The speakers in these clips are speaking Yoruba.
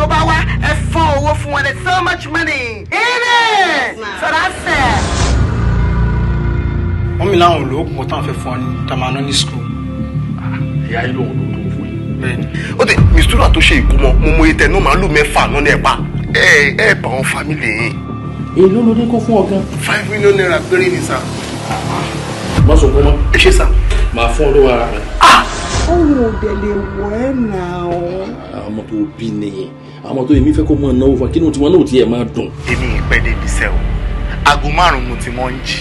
tó bá wá ẹ fọ́ owó fún wọn there's so much money in it so that's it. wọ́n mi láwọn olóògùn kan táwọn fẹ́ fún ọ ní tamanu ní school. ìyá yìí lòun ló tó fún yín. bẹ́ẹ̀ni ó ti mistura tó ṣe ìkómọ mo mọ etẹ ní màálù mẹ́fà náà ní ẹ̀pà ẹ ẹ bá wọn fámìlì yín. èyí ló ló kó fún ọ gan. five million naira péré ni sa. má sọ fún ọ. ẹ ṣe sá. màá fún ọ lówó ara rẹ. ó wò ó dẹ̀ lè wọ̀ ẹ́ nà ó. Ah, tó bí nìyẹn àwọn tó èmi fẹ́ kó mọ̀ náwó fún akínú tiwọn náà ò tiẹ̀ máa dùn. èmi ìpẹ́ débi iṣẹ́ o aago márùn-ún mo ti mọ́ ń jì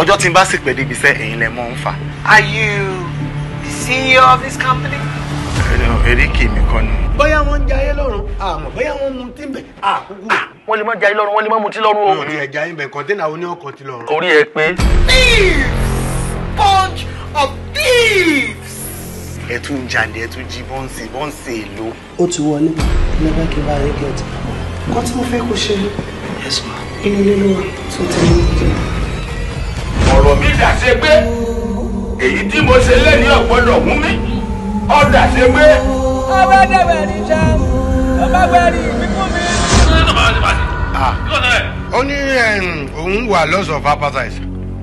ọjọ́ tí n bá sì pẹ́ débi iṣẹ́ ẹ̀yin lẹ mọ́ ń fà. Are you the CEO of this company? eríkì mi kọ́ ni. bóyá wọ́n ń jayé lọ́rùn àmọ́ bóyá wọ́n mu tí ń bẹ̀ àkókò. wọ́n lè má jayé lọ́rùn wọ́n lè má mu tí lọ́rùn o. orí ẹja ń bẹ kọ́ńténà oníọkọ̀ ti lọ́rùn. orí ẹ pé. thieves bunch of thieves ẹ tún ń jalè ẹ tún jí bọ́ǹsì bọ́ǹsì èlò. ó ti wọlé never give her a get nǹkan tí mo fẹ́ kó ṣe inú nínú wa tó tẹ̀lé ìgbé. ọ̀rọ̀ mi dàṣe pé èyí tí mo ṣe lẹ́ni ọ̀gbọ́dọ̀ mú mi ó dàṣe pé. ọba dẹ̀bẹ̀ ní sá ọba gbẹ̀rì ìbíkún mi. Ah. ó ní òun wà loss of appetite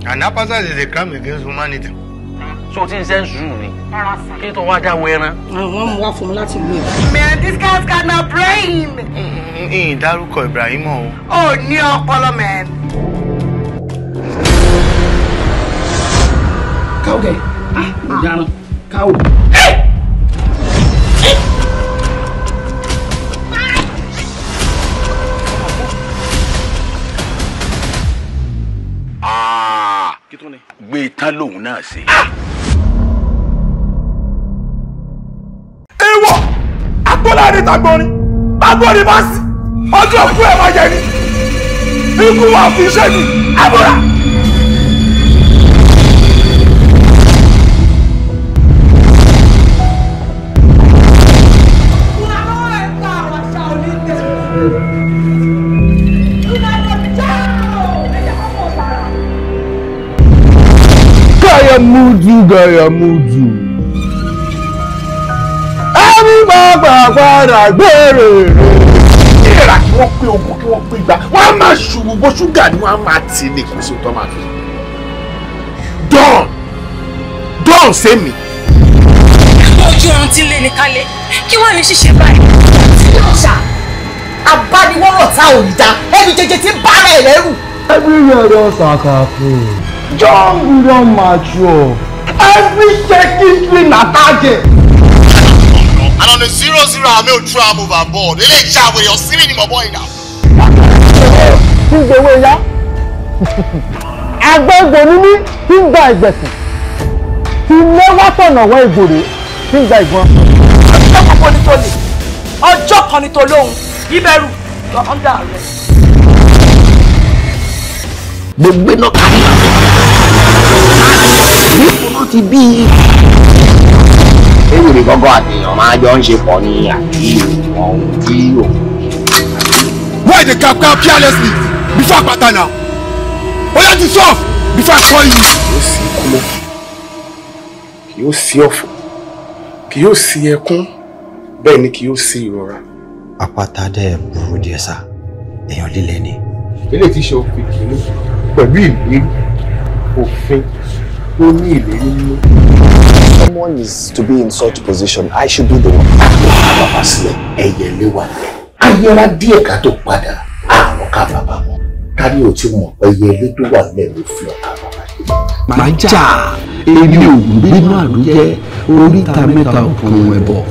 and appetite is a crime against humanity so ti ń sẹ́ ń sùúrù ni. tó wá jáwọ́ ẹran. àwọn mú wá fún mi láti gbé. man this guy's got no brain. ìyìn dárúkọ Ibrahim o. ó ní ọpọlọ man. káwọ kẹ ah ọ̀daràn káwọ. gbé tán lòun náà ṣe. tó láàrin tàgbọ̀nrín tàgbọ̀nrín bá sí ọjọ́ òkú ẹ̀ máa yẹ ni ikú wa fi ṣe ni àbúrà. Gaya mudu, gaya mudu bá pàpàrà gbèrè rẹ̀. ìrẹ̀rà kí wọ́n pé ogun kí wọ́n pé igba wọ́n á máa ṣubú bó ṣúgà ni wọ́n á máa tì ní kò sí tó máa fi. dán dán sẹ́mi. ojú ohun tí lè ní kálẹ̀ kí wọ́n ní ṣíṣe báyìí. abániwọ́rọ̀ tá ò ní dá ẹni jẹjẹ ti bára ẹ̀ lẹ́rù. ẹbí rẹ̀ lọ ṣàkàfọ̀ john william mature every second thing na target. And on the zero zero, I made try overboard. aboard. They let you you're seeing him boy now. Who's the way ya? Agbẹ́gbẹ́ ni mí tí ń gba ìgbẹ̀sìn. Ti lẹ́wọ́ tọ̀nà wọ ìgbòrè tí ń gba ìgbọ́n. Ọjọ́ kan ni tó lè. Ọjọ́ kan ni tó lóhun. Ìbẹ̀rù lọ ọ́ndà rẹ̀. Gbogbo iná kàrí. Ìfúnná ti bí i ewúrẹ́ gọ́gọ́ àtẹ̀yàn máa jọ ń ṣe pọ̀ ní àbí ohun tí òun. why dey cap cap carelessly before àpáta na oya to solve before I call you. kì yóò sí kúlọ̀ kì yóò sí ọ̀fọ̀ kì yóò sí ẹkún bẹ́ẹ̀ ni kì yóò sí ìrora. àpáta dẹ́ burú díẹ̀ sá èèyàn líle ni. ilé tí ṣe òfin kìíní pẹ̀lú ìlérí òfin tó ní ìlérí nínú someone is to be in such position, I should be the one. Bàbá sílẹ̀, ẹyẹ lé wà lẹ̀. Ayẹra díẹ̀ ká tó padà, àrùn ká bàbá mọ̀. Kárí ò tí mọ̀ ẹyẹ lé tó wà lẹ̀ ló fi ọ̀ká bàbá yìí. Màá jà, èmi ò gbénú àlùjẹ, oríta mẹ́ta òkun ẹ̀bọ̀.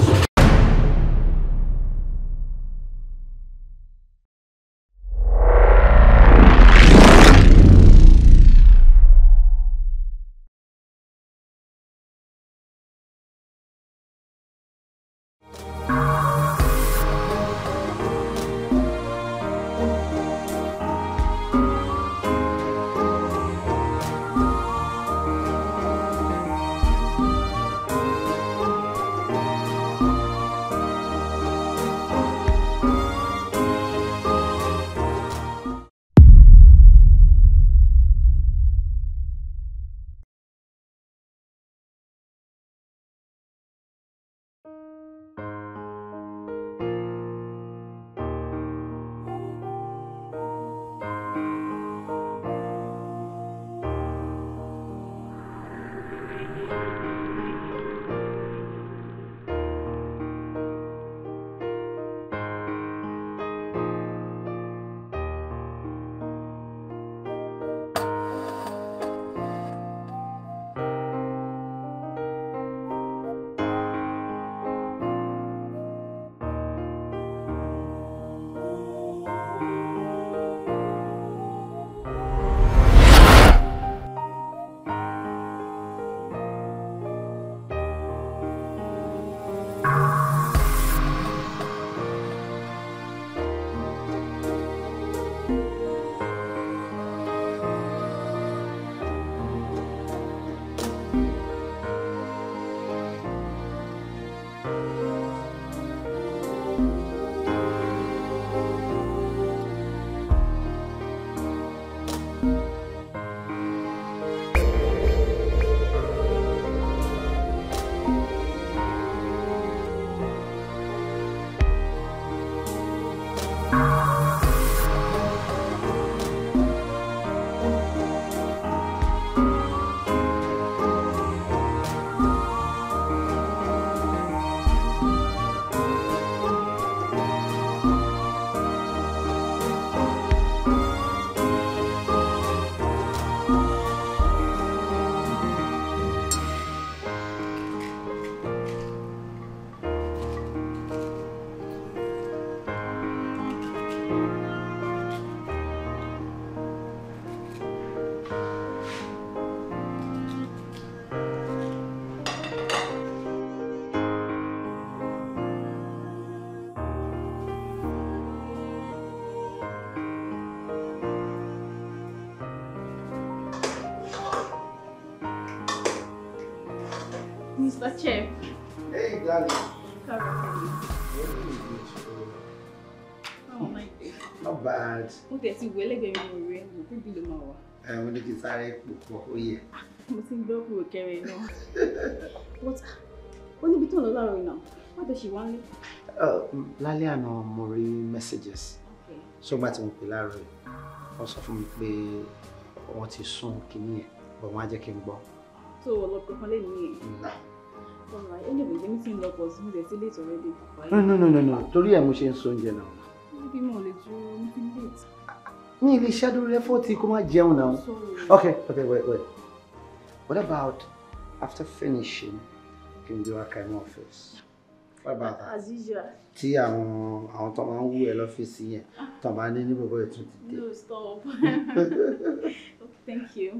Mr. Chef. Hey, darling. Oh my God. Not bad. What is it? ìwé ẹlẹ́gbẹ̀ẹ́ mi rẹ̀ mo pé bí ló máa wà. Ẹ mo ní kí n sáré pòpọ̀ ó yẹ. Ah, mo ti ń gbọ́ kúrò kẹrẹ What? Ah, ó níbi tó ń lọ láàárọ̀ iná. Wọ́n tẹ̀ ṣì wá ń lé. Lálẹ́ àná mo messages. Ṣọ́gbà tí mo pè láàárọ̀ yìí, wọ́n sọ fún mi pé wọ́n ti sún kinní yẹn, bọ̀ wọ́n á jẹ́ kí n gbọ́. Tó o anyway èmi ti ń lọ pọ̀ sí mi late already. no no no no no torí I'm going to send you now. náà. more mo lè ju níbi late. mi ì lè ṣáájú rẹ fọ́ọ̀tì kó má okay okay wait wait what about after finishing kí n gbé wá ka inú ọ́fíìsì. What about that? As usual. Tí àwọn àwọn tó máa ń wú ẹ lọ́fíìsì yẹn tó máa ní ní bàbá ẹ̀ No stop. okay, thank you.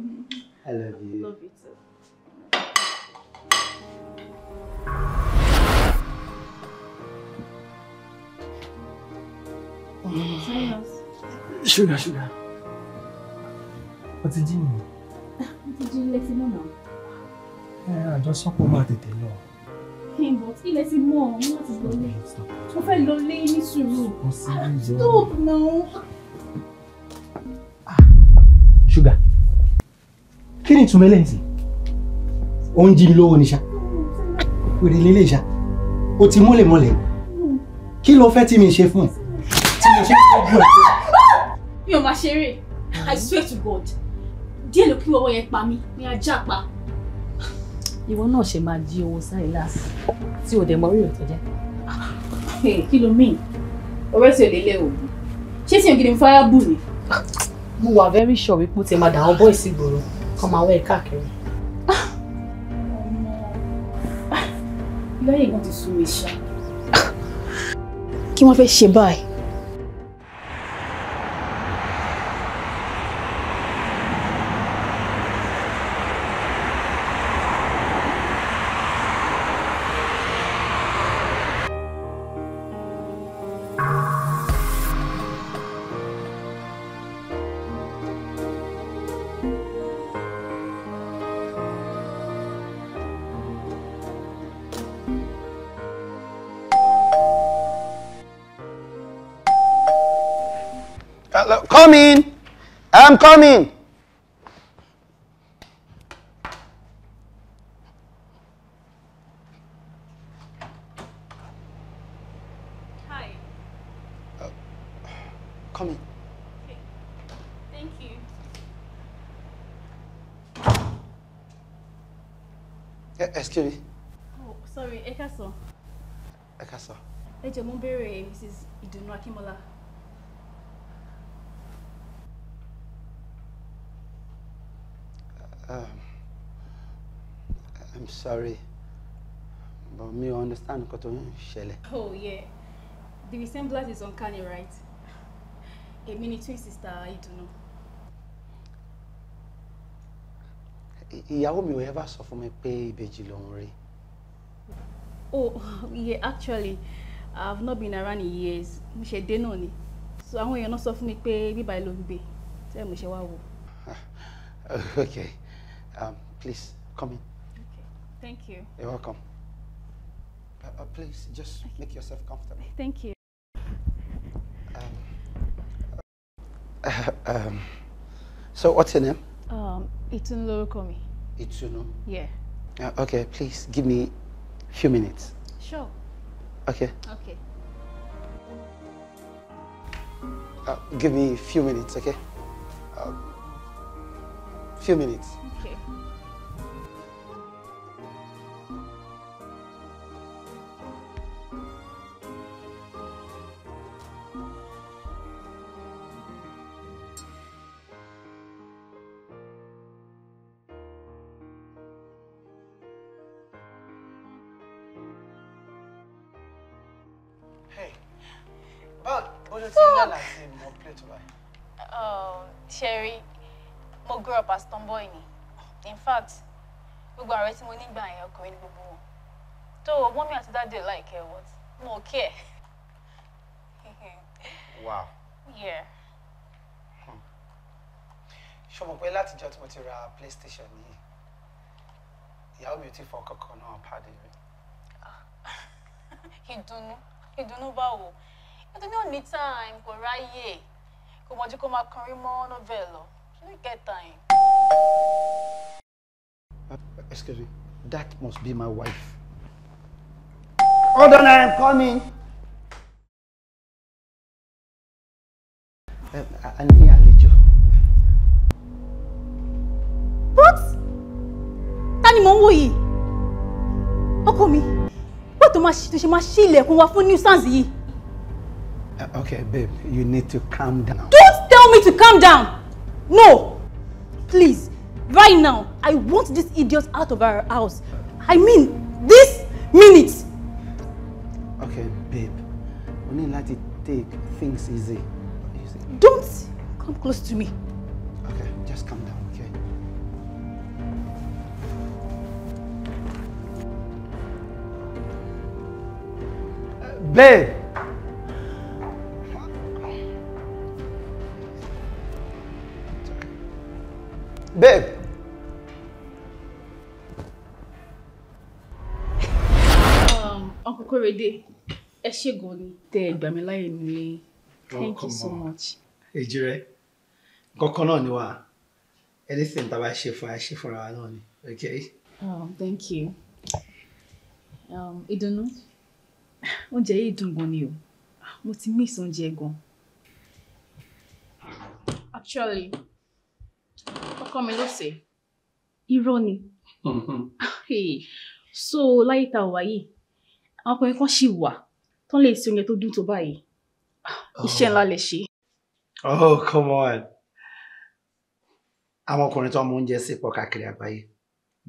I love you. Love you too. ṣúgà ṣúgà wọ́n ti jí nìyí. wọ́n ti jí ilé tí mọ̀ náà. ẹ àjọṣepọ̀ máa tètè lọ. Kimbot, ilẹ̀ ti mọ̀ ọ́n láti lọlé. Mo fẹ́ lọlé ní sùúrù. Stop now. Ṣúgà, kí ni ìtumọ̀ eléyìí sí? Ó ń jí mi lówó ni ṣá. Wèrè lélẹ̀ ṣá. O ti mọ́lẹ̀ mọ́lẹ̀. Kí lo fẹ́ tí mi ṣe fún ẹ? mi ò máa ṣeré i mm-hmm. swear to god díẹ̀ ló kí wọ́wọ́ yẹn pa mí ní ajá pa. ìwọ náà ṣe máa jí owó sáré láàsì tí ò dẹ̀ mọ orí òtọ́ jẹ́. kí ló mean ọ̀rẹ́ tí ò lélẹ̀ o ṣé tí ògidì ń fáyà ni. mo wà very sure we put him máa Our àwọn bọ́ìsì gbòòrò kan máa wẹ̀ káàkiri. lẹ́yìn wọn ti sún mi ṣá. kí wọ́n fẹ́ ṣe báyìí. coming. I'm coming. Hi. Uh, come Okay. Thank you. Eh, excuse me. Oh, sorry. Ẹ káàsán. Ẹ káàsán. Ẹ jọ̀ọ́, mo ń bèèrè Mrs. Ìdùnnú Akínmọ́lá. i'm sorry but me understand nǹkan tó oh yeah the resemblance is uncanny right A ni twin sister ìdùnnú. ìyàwó mi ò ever sọ fún mi pé ìbejì lòun rí. oh yeah actually i've not been around in years mo denoni, so I èèyàn náà not fún me pay bíbá ló ń gbé tẹ́ mo ṣe wá wò. Ah, okay um, please come in. Thank you. You're welcome. Uh, uh, please, just okay. make yourself comfortable. Thank you. Um, uh, um, so, what's your name? Um, Itunlo Komi. Ituno? Yeah. Uh, okay, please give me a few minutes. Sure. Okay. Okay. Uh, give me a few minutes, okay? A uh, few minutes. Okay. tí mo nígbà yẹn ọkùnrin ní gbogbo wọn tó o mọ́mí àti dáadé láìkẹ́ wọ́n mo kí ẹ̀. wow. yeah. Hmm. ṣo mọ̀ pé tí mo ti ra playstation yìí ìyàwó mi ò tí fọ kankan náà pàdé rẹ̀. ìdùnnú ìdùnnú báwo nítorí ò ní time kò ráyè kò mọ̀jú kó máa kọrin mọ́ novel lọ kí ló get time. Uh, excuse me. That must be my wife. Hold on, I am coming. Um, I need a little. What? Ta ni mò ń wò yìí? Ọkọ mi, bó tó ṣe máa ṣí ilẹ̀kùn wa fún nuisance yìí? Uh, okay, babe, you need to calm down. Don't tell me to calm down! No! Please. Right now, I want this idiot out of our house. I mean, this minute. Okay, babe. We need to take things easy. easy. Don't come close to me. Okay, just calm down, okay? Uh, babe! Babe! Korede ẹ ṣé gan ni tẹ ẹ gbà mí láyè thank you so much. èjì rẹ kankan náà ni wà anything tá a bá ṣe fún a ṣe fúnra wa náà ni okay. oh thank you um, ìdùnnú oúnjẹ yìí dùn gan ni o mo ti miss oúnjẹ gan actually ọkọ mi ló ṣe irọ́ ni mm-hmm. so láyé tá a wà yìí àwọn ọkùnrin kan ṣì wà tó lè ṣe oúnjẹ tó dùn tó báyìí ah, iṣẹ́ ńlá lè ṣe. oh come on àwọn ọkùnrin tó ń mú oúnjẹ sí pọ̀ káàkiri àgbáyé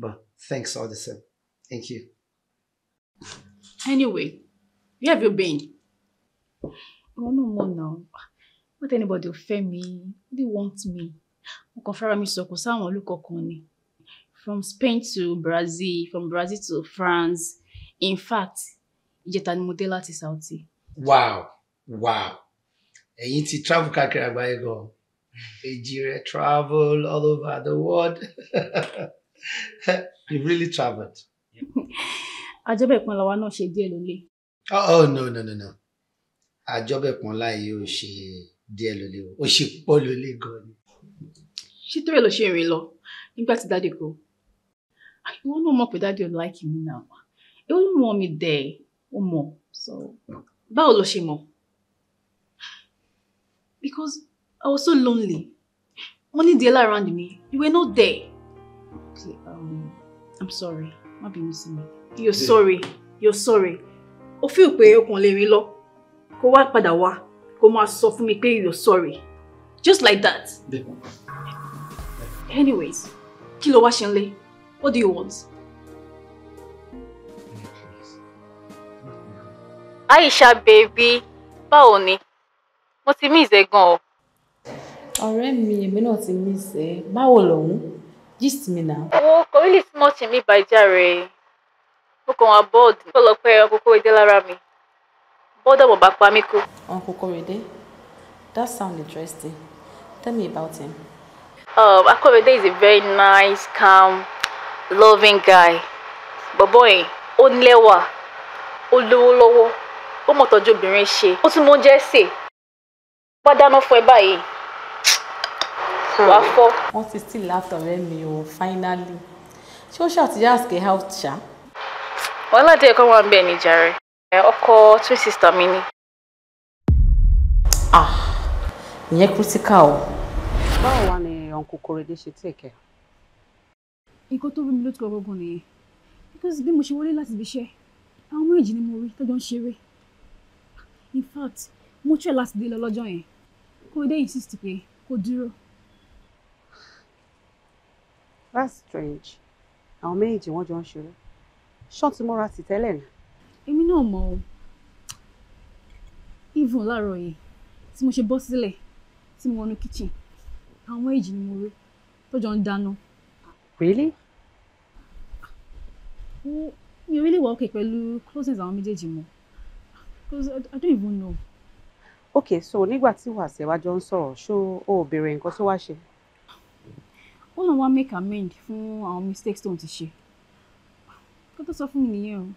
but thanks all the same thank you. anyway where have you been? wọn náà mọ̀ náà what anybody ò fẹ́ mi they want me wọn kàn fẹ́ra mi sọ̀kò sáwọn olùkọ̀ọ̀kan ni from Spain to Brazil from Brazil to France in fact ìjẹta ni mo dé láti Saudi. wow wow ẹ̀yin ti travel káàkiri àgbáyé gan èjì rẹ travel all over the world you really travelled. àjọbẹ̀ ìpọ́nlá wa náà ṣe díẹ̀ lólè. oh no no no no àjọbẹ̀ ìpọ́nlá yìí ò ṣe díẹ̀ lólè o ó ṣe pọ̀ lólè gan ni. ṣé tó yẹ lọ ṣe ìrìn lọ nígbà tí dáàdì kú ah, ìwọ náà mọ̀ pé dáàdì ò láìkì mí náà ìwọ ló mọ̀ mí dẹ̀ ó mọ̀ so. báwo ló ṣe mọ̀ because I was so lonely wọ́n ní díẹ̀ around me you were not there. okay um, I'm sorry má bínú sí mi you're sorry you're sorry o fi pé ọkàn lè rìn lọ kó wá padà wá kó máa sọ fún mi pé you're sorry just like that. anyways kí ló wá ṣe ń what do you want. aisha baby báwo ni mo ti mí ìṣe gan o. ọ̀rẹ́ mi èmi náà ti mí ìṣe báwo lòun gist mi náà. wo kò rí lè túmọ̀ sí mi bàjá rẹ̀ mo kàn wá bọ́ọ̀dù kó lọ pẹ́ ọkọ̀ ìdè lára mi bọ́ọ̀dù ọ̀bọ̀ bá pa mí kú. ọkọ̀ kọ̀rẹ̀dẹ́ that sound interesting tell me about him. Um, Akorede is a very nice, calm, loving guy. But boy, ó nílẹ̀wà, ó lówó lọ́wọ́ ó mọ̀ tọ́jú obìnrin ṣe ó tún mọ oúnjẹ sè wá dáná fún ẹ báyìí hmm. wá fọ́. wọ́n ti still láàtọ̀ rẹ mi o finally ṣé ó ṣàtìyá àsìkè health ṣá. wàhálà díẹ̀ kọ́ wà ń bẹ̀ níjà rẹ̀ ọkọ twin sister mi ni. ah ìyẹn critical o. báwo wá ni ọ̀nkù Kòrédé ṣe tẹ̀kẹ́. nǹkan tó bí mi ló ti kọ́ gbọ́ngàn nìyẹn because bí mo ṣe wọlé láti ibi iṣẹ́ àwọn méjì ni mo rí tọ́jọ́ ń ṣeré in fact mo try láti dé lọ lọ́jọ́ yẹn kó o dé insist pé kó duro. that's strange àwọn méjèèjì wọ́n jọ ń ṣeré ṣọ́ọ̀n tí mo ra ti tẹ́lẹ̀ ni. èmi náà mọ̀ ọ́ even láàárọ̀ yìí tí mo ṣe bọ́ sílẹ̀ tí mo wọnú kitchen àwọn méjì ni mo rí to jọ ń dáná. really. mi ò rí lè wọ ọkẹ pẹ̀lú closeness àwọn méjèèjì mọ́. Because I, I don't even know. Okay, so nígbà tí wàṣẹ wa jọ ń sọ̀rọ̀ ṣó o ò béèrè nǹkan tó wá ṣe. ó lọ wá make amend fún our mistakes tóun ti ṣe kó tó sọ fún mi nìyẹn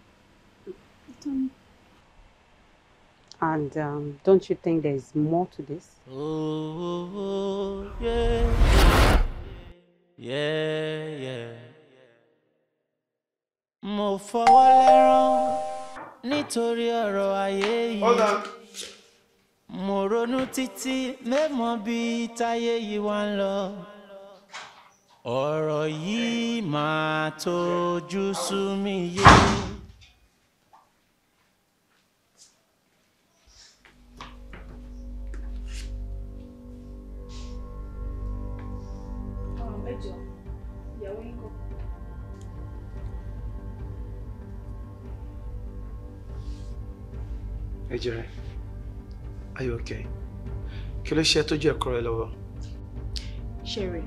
And um, don't you think there is more to this? Oh, oh, yeah. Yeah, yeah. Mo fọwọ́ lẹ́rán nítorí ọ̀rọ̀ ayé yìí mo ronú títí mẹ́mọ́ bí táyé yìí wá ń lọ ọ̀rọ̀ yìí máa tójú sú mi yé. ẹ are you okay kí ló ṣe tó jẹ́ ẹ̀kọ́ rẹ lọ́wọ́. ṣeré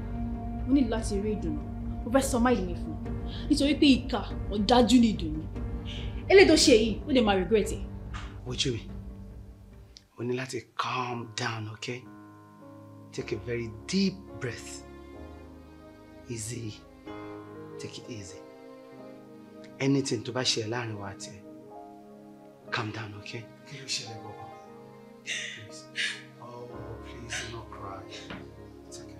mo ní láti rí ìdùnnú mo fẹ́ sọ máìlì mi fún un nítorí pé ìka ọ̀dájú ni ìdùnnú eléyìí tó ṣe yìí ó lè máa regret ẹ̀. wojú mi o ní láti calm down okay take a very deep breath easy take it easy anything tó bá ṣe láàrin wa àti ẹ Calm down, okay? Please, Oh, please do not cry. It's okay.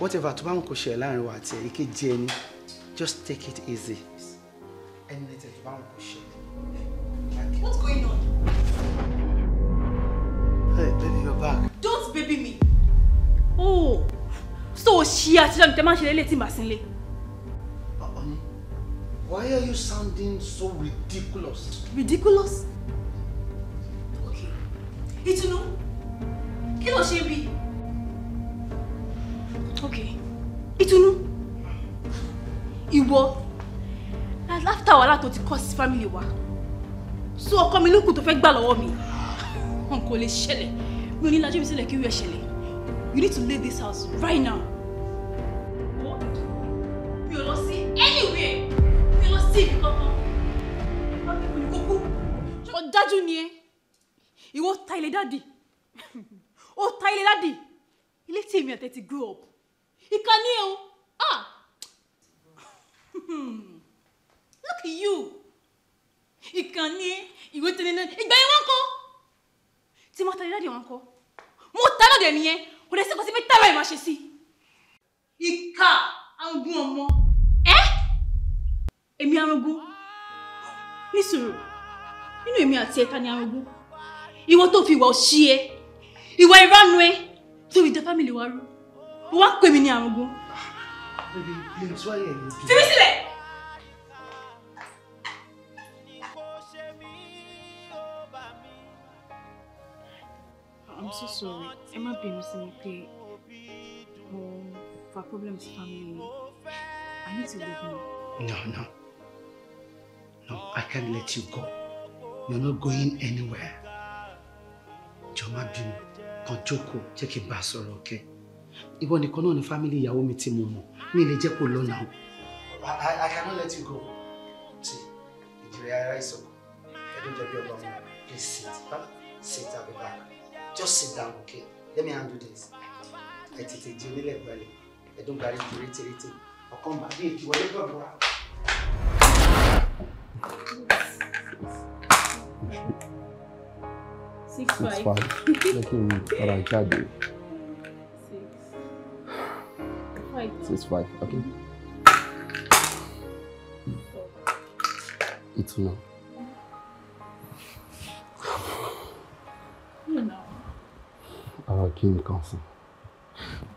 Whatever to bá wọn kò ṣẹlẹ̀ láàrin wa àti èkejì ẹni, just take it easy. Ẹni lẹ́tẹ̀ tó bá What's going on? Hey, baby, you're back. Don't baby me. Oh, so she àti ṣáà ní man máa ń ṣe lélẹ̀ Why are you sounding so ridiculous? Ridiculous? Okay. Ìtùnú, kí ló ṣe bí? Okay. Ìtùnú, ìwọ, after wàhálà tó ti cause family wa, so ọkọ mi lókùn tó fẹ́ gbà lọ́wọ́ mi. Uncle is lè We mi ò ní lajú mi sílẹ̀ kí irú ẹ̀ You need to leave this house right now. ilé daddy. Oh, ta daddy. He ilé him èmi àtẹ grow up He can ẹ ah look at you ìka ní ìwé tẹ̀lé náà ìgbà yẹn wọ́n kọ́ tí mo ta ilé dáàdì wọn kọ́ mo ta náà dẹ̀ nìyẹn kò dẹ̀ sí kò sí pé tábà ìmọ̀ ṣe sí ìka arógún ọmọ ẹ èmi arógún nísòro nínú èmi àti ẹ̀ka ni arógún ìwọ tó fi ìwà òṣì ẹ ìwà ìránu ẹ tó fi jẹ fámìlì wa rú o ń pè mí ní àrùngún. fífi sílẹ̀. I'm so sorry. Ẹ má bínú sí mi pé mo fa problem sí family I need to leave now. No, no. No, I can't let you go. You're not going anywhere jọ má bínú kan jókòó jẹ́ kí n bá a sọ̀rọ̀ ọ̀kẹ́ ìwọ nìkan náà ni fámìlì ìyàwó mi tí mo mọ̀ mi lè jẹ́ kó lọ́nà I, cannot let you go. Ti ìjìnlẹ̀ ara ìsọ̀kọ̀ ẹ̀dùn jẹ́ bí ọba ọmọ please sit back sit at the back just sit down okay let me handle this. Ẹ tètè di onílẹ̀ gbalẹ̀ ẹ̀dùn gbalẹ̀ ju rétérété ọ̀kan bá bí èkì wọlé gbọ̀gbọ̀ wa six five jẹ́ kí n ọ̀rà ń ṣáàjò six five okay It's ìtùnà. ara kí nǹkan sùn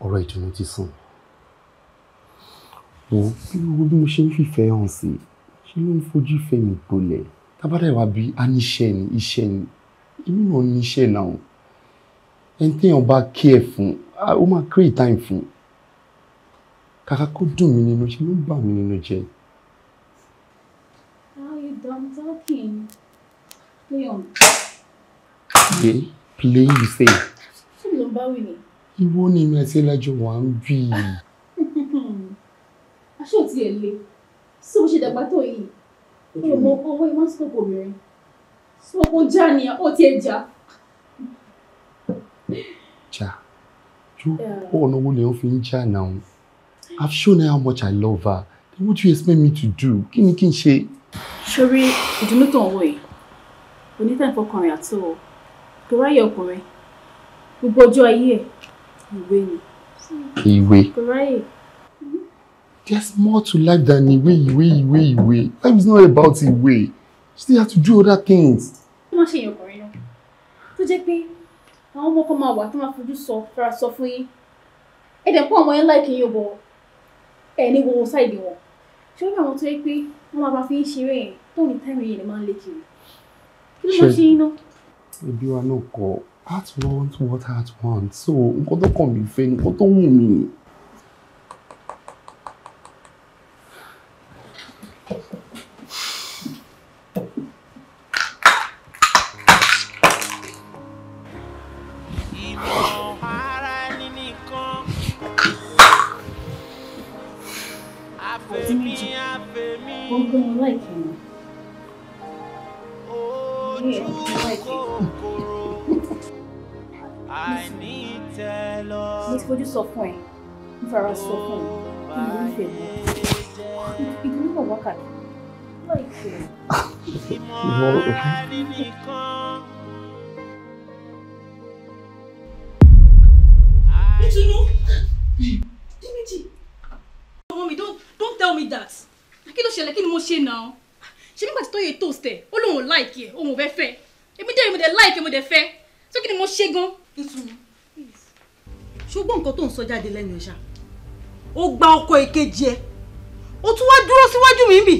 ọ̀rọ̀ ìtùnú ti sùn wo bí mo ṣe ń fìfẹ́ hàn sí ṣé ló ń fojú fẹ́ mi gbolẹ̀ tábàdà ìwà bíi a níṣẹ́ ni iṣẹ́ ni èmi náà níṣẹ́ náà ẹni téèyàn bá care fún ó máa create time fún kàkà kó dùn mí nínú ṣe ló ń bà mí nínú jẹ́. Now you done talking. Play on. Yeah, play you say. Ṣé ló ń bá wí ni? Ìwọ ni mi àti ẹlẹ́jọ́ wà ń bì í. Aṣọ ò tiẹ̀ le. Ṣé o ṣe dàgbà tó yìí? Olùmọ̀ ọwọ́ ìmọ̀ sọ́kò obìnrin. Sọ́kún já ni ó ti ẹ̀ já. Já. Ju ọ̀nà wo ni ó fi ń já náà? I've shown her how much I love her. Then what do you expect me to do? Kí ni kí n ṣe? Ṣorí ìdùnnú tó ń wò yìí, onítàn fọkànrin àti ọ̀ tó ráyè ọkùnrin, gbogbo ọjọ́ ayé ẹ̀ ìwé ni. Ìwé. Kò ráyè. There's more to life than ìwé, ìwé, ìwé, ìwé. Life is not about ìwé still have to do other things. ó máa ṣe èèyàn ọkùnrin náà tó jẹ́ pé àwọn ọmọ kan máa wà tó máa fojú sọ fara sọ fún yín ẹ dẹ̀ pọ̀ àwọn yẹn láì kí yín bọ̀ ẹ̀ ní gbogbo sáìdì wọn ṣé ó ní àwọn tó yẹ pé wọ́n máa bá fi ń ṣeré yẹn tó ní táìmì yẹn máa ń lé kiri kí ló máa ṣe yín náà. ebi wa náà kọ heart want what heart want so nǹkan tó kàn mí fẹ́ nǹkan tó wù mí nìyẹn. àti méjì gbogbo ẹ̀ láìpẹ́ mi. ojú kòkòrò àìní tẹ́lọ̀. mo ti fojú sọ fún ẹ mo fara sọ fún ẹ mo ní ìfẹ́ mi ìdílé náà wákàtí láìpẹ́. ṣe náà ṣe nígbà tí tó yẹ toast ẹ ó lóun like ẹ òun ò fẹ́ fẹ́ èmi dé mo dé like mo dé fẹ́ tó kí ni mo ṣe gan. ṣùgbọ́n nǹkan tó ń sọ jáde lẹ́nu ẹ̀ṣà ó gba ọkọ èkejì ẹ ó tún wá dúró síwájú mi bì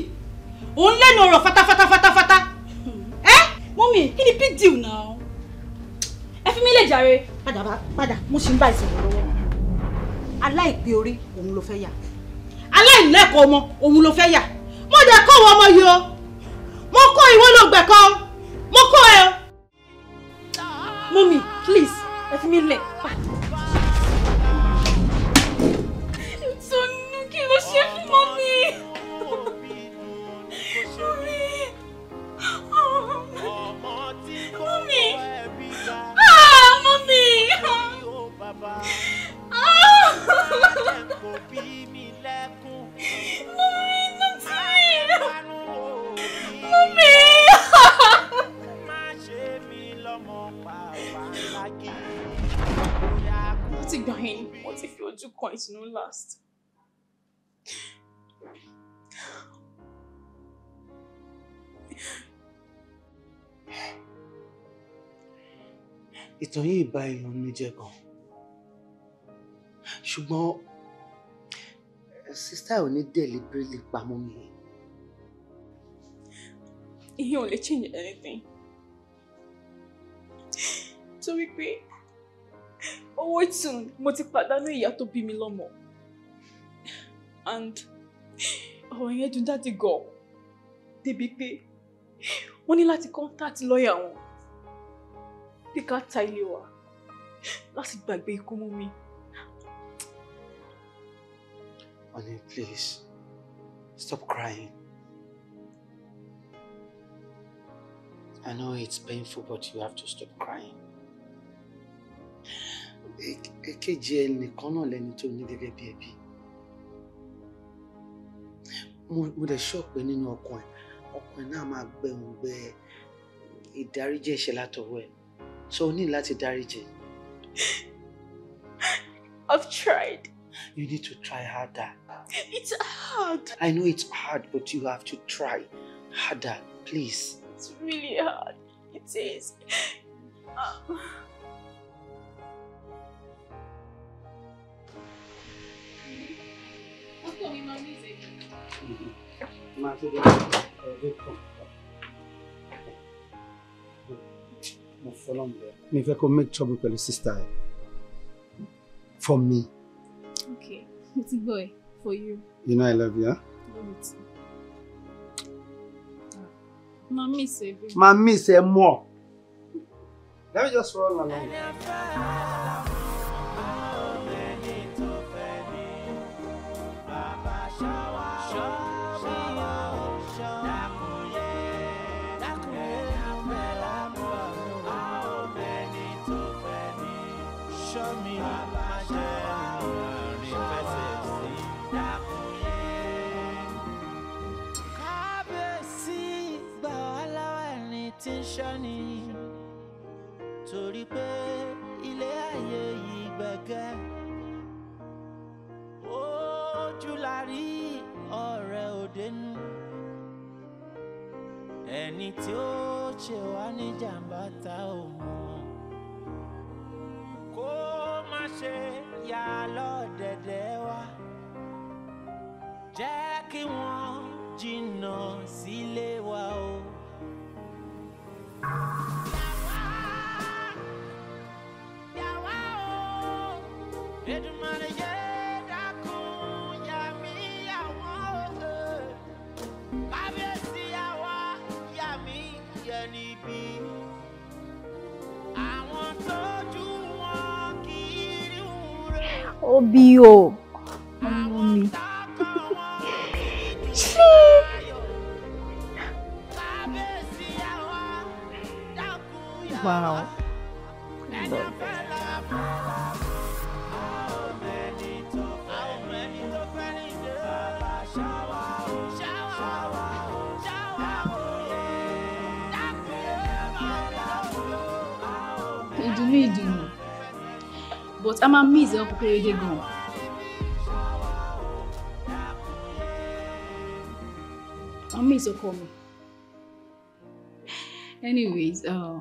òun lẹ́nu ọ̀rọ̀ fatafata fatafata hmm. ẹ. mọ́mí kí ni big deal náà ẹ fi mí lè jàre. padà padà mo ṣì ń bá ìsọ̀rọ̀ lọ́wọ́ aláìpé orí òun ló fẹ́ yà aláìlẹ́kọ̀ọ́ ọmọ òun ló fẹ́ yà mo dẹ̀ kọ́ wọ ọmọ yìí o mo kọ́ ìwọ ló gbẹ̀ kan mo kọ́ ẹ. mummy please ẹ fi mi lẹ̀. ìtùnú kí ló ṣe fún mọ́mí. ah, mommy, ah. Mami! Wọ́n ti gbà What if your two coins kan last. Ìtàn yìí bá inú mi jẹ́ gan. Ṣùgbọ́n sísá ò ní deliberately pamọ́ mi. He only changed anything. So we pray. Oh, wait soon. to be bimilomo. And. Oh, when you do that, they go. They be pay. When you like to contact lawyer, they can't tell you. That's it, baby. Come on, me. Honey, please. Stop crying. I know it's painful, but you have to stop crying. Èkejì ẹnìkan náà lẹni tó ní gẹ́gẹ́ bí ẹbí. Mo dẹ̀ ṣọ́ pé nínú ọkàn ẹ̀, ọkàn ẹ̀ náà máa gbẹ̀hùn gbẹ ìdáríjì ẹ̀ṣẹ̀ látọwọ́ ẹ̀. So ni ní láti I've tried. You need to try harder. It's hard. I know it's hard, but you have to try harder, please. It's really hard. It is. Um. mi fẹ́ kó make trouble for your sister, for me. okay it's a boy. for you. you know i love you. Huh? love you too. Ma miss e. Ma more. Let me just roll along. dénú ẹni tí ó ṣe wá ní jàǹbá ta ò mọ̀ kó má ṣe yà lọ́dẹ̀dẹ̀ wá jẹ́ kí wọ́n jìnnà sílé wa o. OBO. Ọmọ mi. Ṣé Wow. Ìdùnnú ìdùnnú but a máa miss ẹranko kéréje gan. a miss ọkọ mi. anyways uh,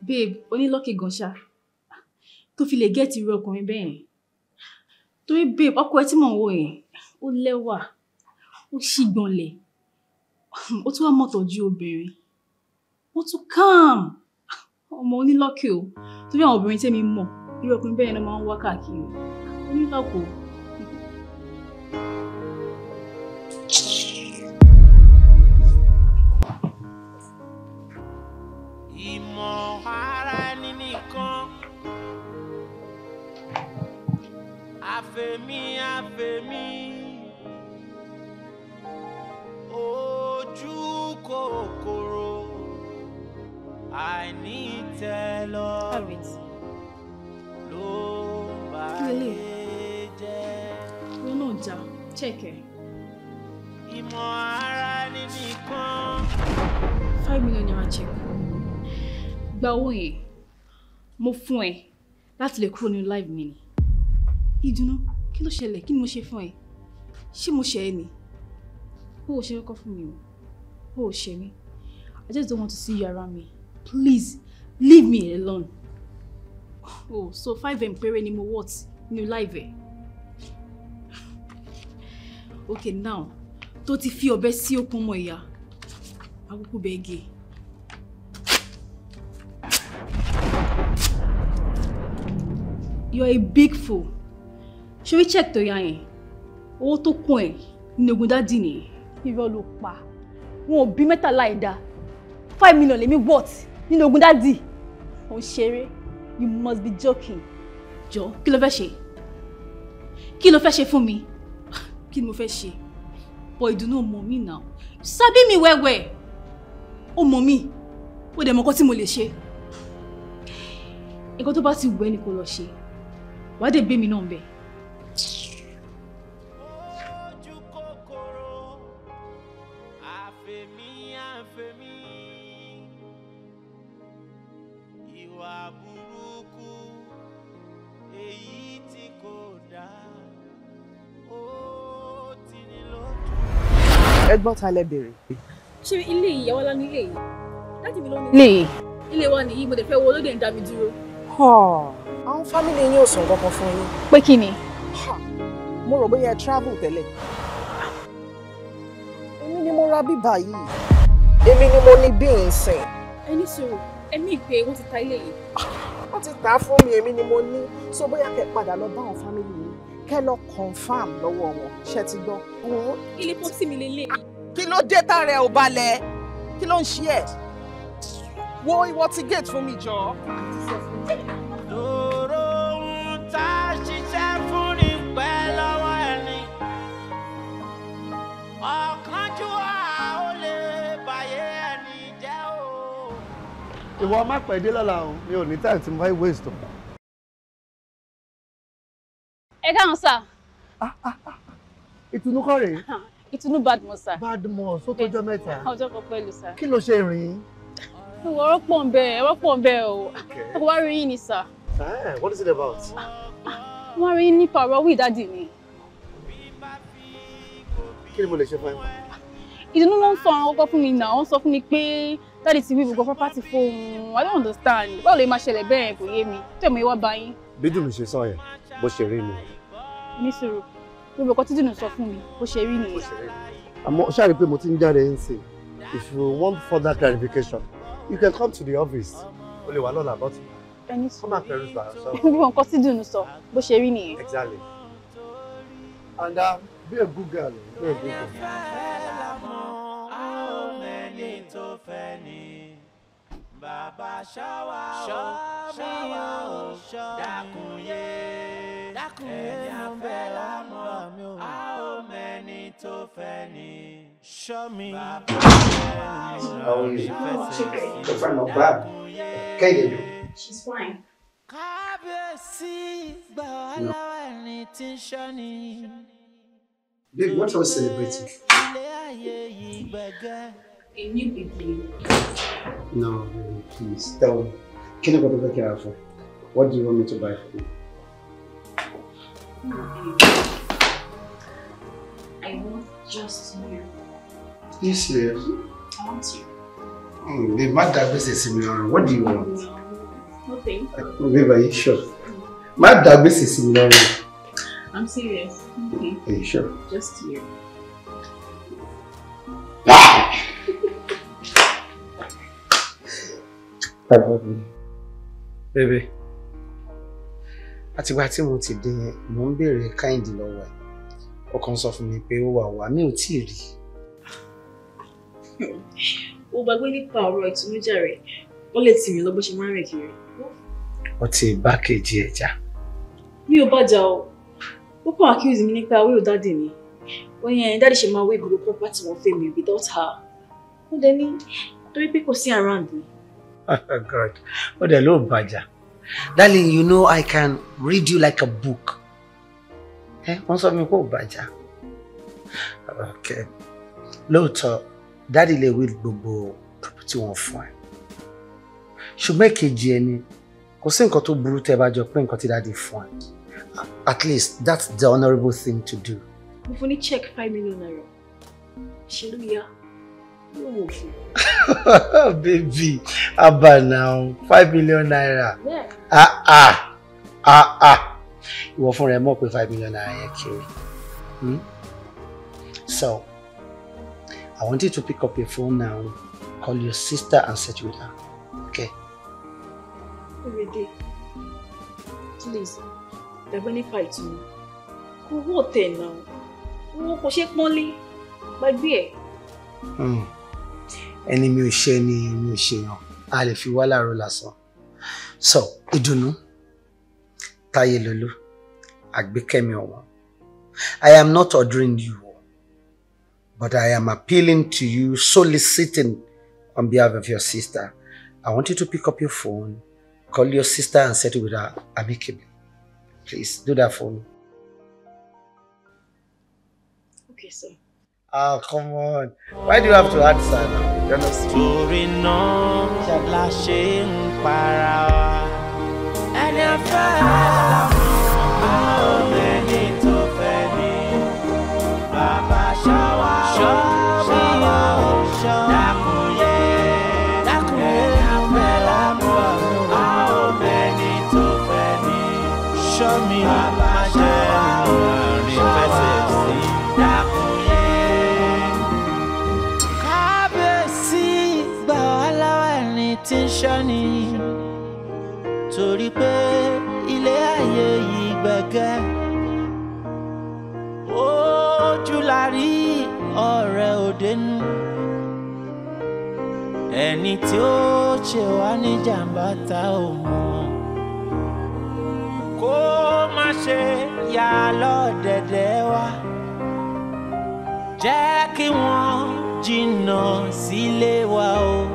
babe onílọ́kì gan ṣá tó fi lè gẹ́ẹ̀tì irú ọkùnrin bẹ́ẹ̀ yẹn torí babe ọkọ ẹ tí mò ń wò yẹn ó lẹ́wà ó ṣìgbọ̀nlẹ̀ ó tún wá mọ̀tọ́jú obìnrin ó tún calm ọmọ onílọ́kì o torí àwọn obìnrin tẹ́mi mọ̀ irú ọkùnrin bẹ́ẹ̀ ni máa ń wá káàkiri oníkàkó. ìmọ̀ check ẹ̀. ara ni nìkan. five million naira check. gba owó yẹn mo fún ẹ láti lè kúrò nínú live mi ni. ìdùnnú kí ló ṣẹlẹ̀ kí ni mo ṣe fún ẹ ṣé mo ṣe ni bó o ṣe kọ́ fún mi o bó I just don't want to see you around me please leave me alone. oh so five m péré ni mo wọ́ọ̀tì live ẹ̀ okay now tó ti fi ọ̀bẹ sí okùn ọmọ ìyá àkókò bẹ́ẹ̀ gé. are a big fool ṣé we check tó yá yẹn owó tó kún ẹ ní ogun dádì nìyí. irọ́ ló pa wọn ò bí mẹ́tàlá ẹ̀dá five million lèmi worth nínú ogun dádì ò ń ṣeré you must be joking. jọ kí ló fẹ́ ṣe kí ló fẹ́ ṣe fún mi kí ni mo fẹ́ ṣe but ìdùnnú ọmọ mi náà sábí mi wẹ́wẹ́ ọmọ mi ó dẹ̀ mọ́kọ́ tí mo lè ṣe nǹkan tó bá ti wù ẹ́ ni kò lọ ṣe wàá dẹ̀ gbé mi náà bẹ̀. ìwà èyí tí kò dáa. ẹ̀gbọ́n ta lẹ bèrè. ṣé ilé ìyàwó lá ní ilé yìí láti mi ló ní. ilé yìí. ilé wa nìyí mo lè fẹ́ wo olóde ń dá mi dúró. àwọn fámìlì yín ò sùn kankan fún yín. pé kí ni. mo rò bóyá ẹ travel tẹ́lẹ̀. èmi ni mo ra bíbà yìí èmi ni mo ní bí n sìn. ẹni sọ̀rọ̀ ẹmí ìpè wọ́n ti ta ilé yìí. wọ́n ti tà á fún mi èmi ni mo ní so bóyá kẹ́ padà lọ bá àwọn fámìlì kẹ́ lọ confam lọ́wọ́ wọn ṣe ti gbọ́. wo ilé pọ́pì mi lélẹ̀. kí ló dé tá rẹ ò balẹ̀ kí ló ń ṣe ẹ̀ wo ìwọ ti gate fún mi jọ. lóró ń ta ṣiṣẹ́ fún ni pẹ́ lọ́wọ́ ẹni ọ̀kánjú àwọn olè bàyẹ̀ ẹni jẹ́ o. ìwọ má pẹ́ dé lọ́la o mi ò ní time tí mo fẹ́ waste ẹ káàmù sà. Ah, ah, ah, ìtùnú kọ́ rèé. ìtùnú badmus sà. badmus ó tọjọ́ mẹ́ta. ọjọ́ kan pẹ̀lú sà. kí ló ṣe rìn? ọ̀rọ̀ pọ̀ ń bẹ ọ̀rọ̀ pọ̀ ń bẹ o ọkọ̀ wá rí yín ni sà. what is it about? wọ́n rí nípa ọ̀rọ̀ wí ìdádì ni. kí ni mo lè ṣe fún ẹ? ìdùnnú ló ń sọ àwọn ọkọ fún mi náà ó ń sọ fún mi pé dáàdì ti wí gbogbo pápátì fóun i don't understand báwo lè máa ṣẹlẹ̀ bẹ́ẹ̀ kò yé mi tó ìmọ̀ ìwà bá yín. bí dùnmí ṣe sọ yẹn bó ṣe rí mi ní sùúrù gbogbo ọkọ títí nù sọ fún mi bó ṣe rí nìyẹn. àmọ́ ṣáà rí i pé mo ti ń jáde ń sìn if you want further clarification you can come to the office o lè wà lọ́la bọ́tù. ẹni sùn come and clarify yourself. gbogbo ọkọ títí nù sọ bó ṣe rí nìyẹn. exactly and uh, be a good girl be a good girl. Bàbá ṣáwá o, ṣáwá o, dákun yé dákun èmi afẹ́ lámọ́ a ó mẹ́ni tó fẹ́ ni. ṣọ́ mi bàbá mi fẹsẹ̀ sí dákun kábíyèsí gbà wá lọ́wọ́ ẹni tí ń ṣọ́ ni. Babe, what are we celebrating? A new beginning. No, please tell me. Can I go to the for? What do you want me to buy for you? I want just you. Yes, yes. I want you. Mm, the matter is similar. What do you want? No, nothing. Babe, are you sure? My database is similar. I'm serious. Okay. Are you sure? Just you. I love you. Baby. àtìgbà tí mo ti dé mò ń béèrè káyìndì lọ́wọ́ ẹ̀ ó kàn sọ fún mi pé ó wà wá mi ò tí ì rí. ó gbàgbé nípa ọ̀rọ̀ ìtúnújà rẹ̀ wọ́n lè tì mí lọ bó ṣe máa ń rìn kiri. ọtí ìbákejì ẹja. mi ò bàjá o ó kàn accuse mi nípa wíwò dáàdì mi ó yẹn dáàdì ṣe máa wé gbogbo property wọn fẹ́ mi without her ó dẹ ní torí pé kò sí around mi. God ó dẹ ló bàjá darling you know i can read you like a book eh, wọ́n sọ mi kó bàjá lóòótọ́ dáàdì lè wí gbogbo property wọn fún ẹ ṣùgbọ́n èkejì ẹni kò sí nǹkan tó burú tẹ́ bá jọ pé nǹkan tí dáàdì fún ẹ at least that's the honourable thing to do. mo fún ní check five million naira ṣe ló yá. Baby, Abba now, five million naira. Ah ah, ah ah. Ìwọ fún rẹ mọ̀ pé five million naira yẹn kiri. Hmm? So, I want you to pick up your phone now, call your sister and set with her. Okay? Everyday, please, dàgbẹ́ nípa ìtumọ̀. Owó tẹ̀ náà, owó kò ṣe pọ́nlé, gbàgbé ẹ̀. Hmm ẹni mi ò ṣe ni mi ò ṣèyàn a lè fi wá láàárọ̀ lásán so ìdùnnú táyé lolú àgbékẹ́mi ọ̀wọ́n I am not ordering you but I am appealing to you soliciting on behalf of your sister I want you to pick up your phone call your sister and settle with her amicably please do that for me. Ah, come on. Why do you have to add sad? now? not sick. Torí náà la ṣe iṣẹ́ ni torí pé ilé ayé yìí gbẹ̀gẹ́ ojú la rí ọ̀rẹ́ òdenu ẹni tí ó ṣe wá ní jàǹbá ta ò mọ̀ kó má ṣe yà lọ́dẹ̀dẹ̀ wa jẹ́ kí wọ́n jìnnà sílé wa o.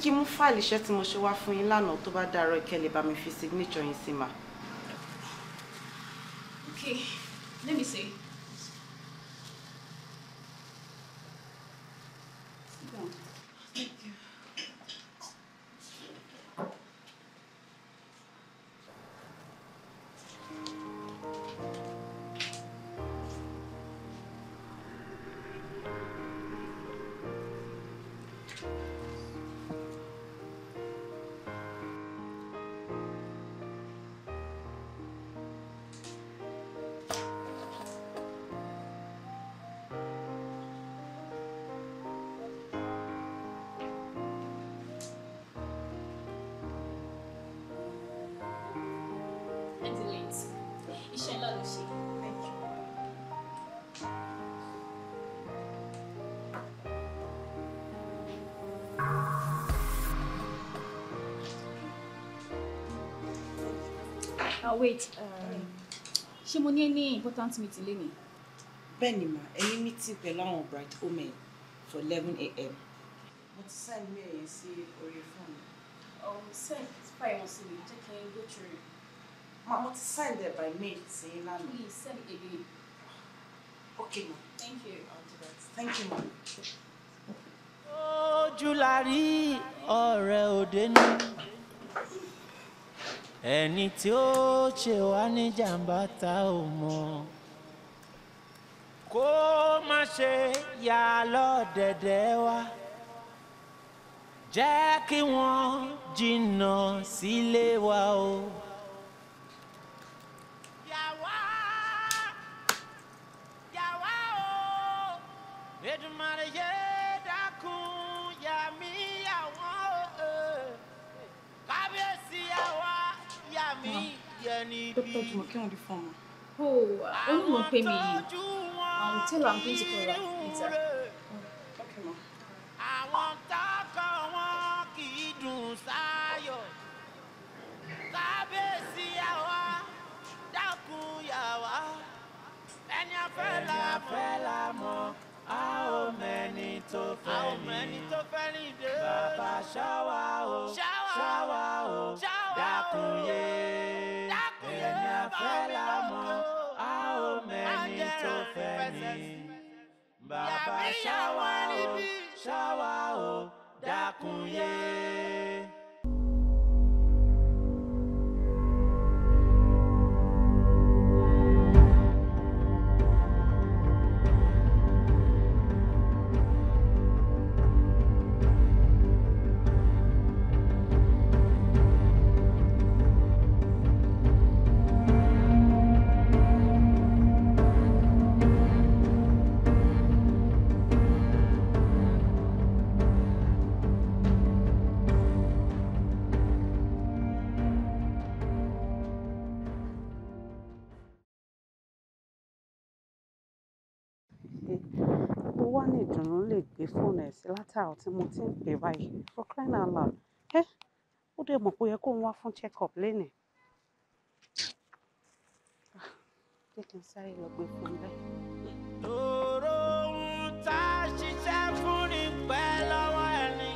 kí n mú fáìlì iṣẹ́ tí mo ṣe wá fún yín lánàá tó bá dàárọ̀ ìkẹlẹ̀ bá mi fi signature yín sí ma. okay let me see. Ah, wait um, ṣé mo ní ní important meeting lénìí. bẹ́ẹ̀ ni mà ẹni meeting pẹ̀lú àwọn bright women for eleven a.m. mo ti send mail yẹn sí orí fóònù. ọ̀hún send fire wọn sí mi jẹ́ kí n go through it. ma mo ti send it by mail sí i lánàá. please send it again. okay ma. thank you. thank you ma. ojú la rí ọ̀rẹ́ òde ní ẹni tí ó ṣe wá ní jàǹbá tá ò mọ̀ kó má ṣe yà lọ́dẹ̀dẹ̀ wa jẹ́ kí wọ́n jìnnà sílé wa o. Doctor Jumoke on the phone. Oh, I only won't pay me. I'll tell her I'm going to call her later. okay, ma. Àwọn tákà wọn kì í dùn sáyọ̀. Kábíyèsí àwa dákun yà Ẹni afẹ́ la mọ̀. Ẹni mẹ́ni tó fẹ́ ni. A mẹ́ni tó fẹ́ ni dé. Bàbá ṣáwa o. Ṣáwa o. Ṣáwa o. Dákun ẹni afẹ́ la mọ̀ a ò mẹ́ni tó fẹ́ ni bàbá ṣáwa o ṣáwa o dákun yé. lè gbé fóònù ẹ̀ sí látàárọ̀ tí mo ti ń pè báyìí for crying out loud. Ẹ́ ó dẹ̀ mọ̀ pé ó yẹ kó ń wá fún check up lénìí. Ah, jẹ́ kí n sáré lọ gbé fóònù bẹ́ẹ̀. Tòró ohun tá ṣiṣẹ́ fún ni pẹ́ lọ́wọ́ ẹni.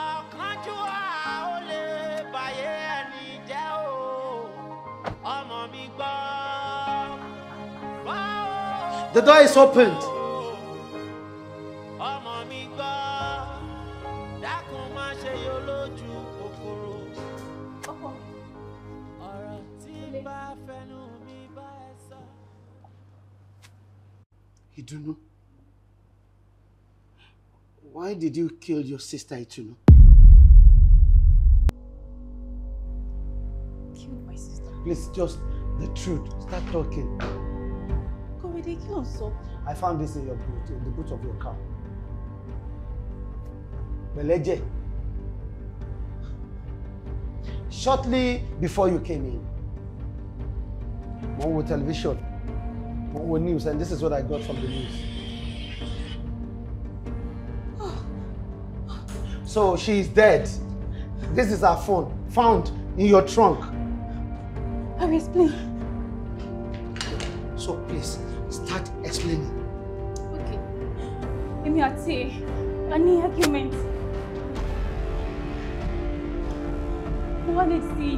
Ọ̀kánjú àá lè bàyé ẹni jẹ́ o, ọmọ mi gbọ́. The door is opened. Why did you kill your sister Itunu? Killed my sister. Please, just the truth. Start talking. Korede, kill us up. I found this in your boot, in the boot of your car. Beleje. Shortly before you came in, one television, one news, and this is what I got from the news. So she is dead. This is her phone, found in your trunk. I will explain. So please, start explaining. Okay. Èmi àti a ní argument. Mo wá lè sí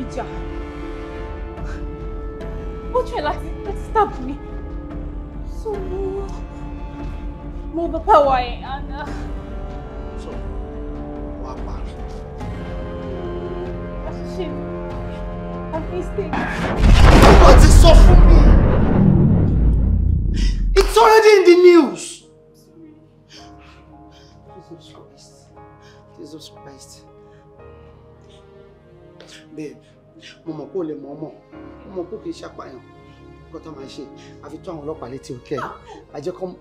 ìjà. What you láti láti stab me. So mo mo a wa ẹ̀ àná. So. mistake. Wọ́n ti sọ fún It's already in the news. Jesus Christ. Jesus Christ. Babe, mama call kó mama. Mama cook ọmọ, mo Got a machine. kì í ṣàpàyàn. Nǹkan tó máa ṣe, àfi tó àwọn ọlọ́pàá létí òkè. Àjẹkọ́ mọ̀.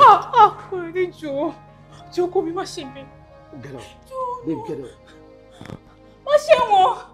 Ah, ah, kò rí jọ̀ọ́. Jọ̀ọ́ machine, mi Get up. Babe, get up. Machine, ṣe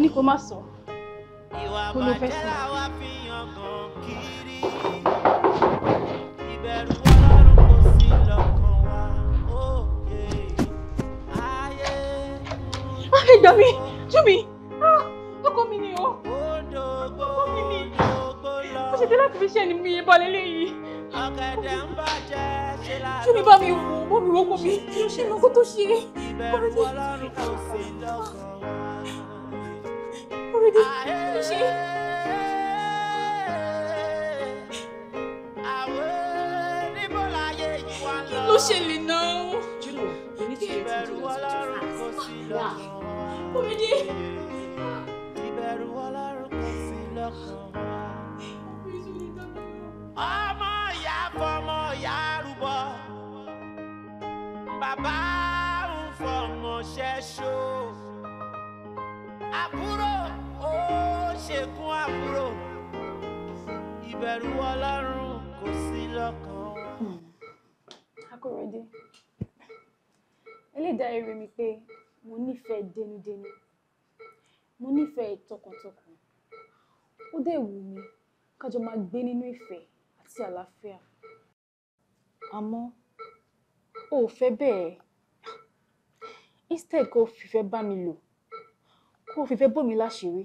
ní kó má sọ kó ló fẹ́ sọ. ìbẹ̀rù ọlọ́run kò sí lọ́kàn wa òkè ayé. ayé gbà mí jú mi ọkọ mi ni o ọkọ mi ni mo ṣe dé láti fi ṣe ẹni mi yé balẹ̀ léyìí. ọ̀gẹ̀dẹ̀ ń jú mi bá mi wò bá mi wò kó mi ṣe lọ́kọ́ tó ṣe. ìbẹ̀rù ọlọ́run kò Ah, ah, Kudi. Ṣé. Ló ṣẹlẹ̀ náà. Ìbẹ̀rù ọlọ́run kò sí lọ́kàn. Kudi. Ìbẹ̀rù ọlọ́run kò sí lọ́kàn wa. Ọmọ ṣekún àbúrò ìbẹ̀rù ọlọ́run kò sí lọ́kàn. akọ̀ròdé elédàá eré mi pé mo nífẹ̀ẹ́ dénúdénú mo nífẹ̀ẹ́ tọkàntọkàn ó dẹ̀ wù mí kájọ máa gbé nínú ìfẹ́ àti àlàáfíà àmọ́ o ò fẹ́ bẹ́ẹ̀ instead kó o fìfẹ́ bá mi lò kó o fìfẹ́ bò mí láṣìírí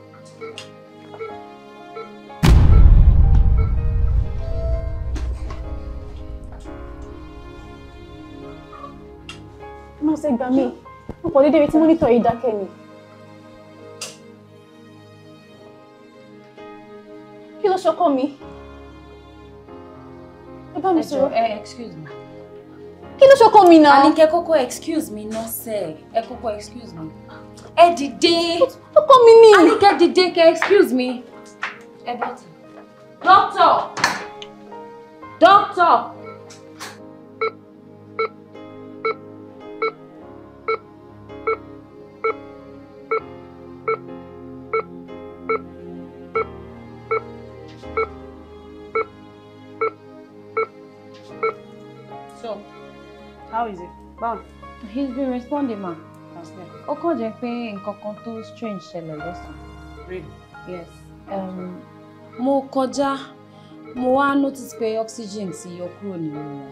náà ṣe gbà mí mo kàn déédéé tí mọ́nítọ̀ yìí dákẹ́ ni. kí ló ṣọkọ mi? ẹ bá mi sọ̀rọ̀. ẹ excuse me. kí ló ṣọkọ mi náà? àníkẹ́ kókó excuse me náà sẹ́ ẹ kókó excuse me. ẹ dìde. ọkọ mi ni. àníkẹ́ dìde kẹ́ excuse me. ẹ bọ́tà. doctor doctor. he's been responding ma. ó kàn jẹ́ pé nǹkan kan tó strange ṣẹlẹ̀ lọ́sàn-án. really? yes. Oh, um, mo kọjá mo wá notice pé oxygen ti yọ kúrò nínú wọn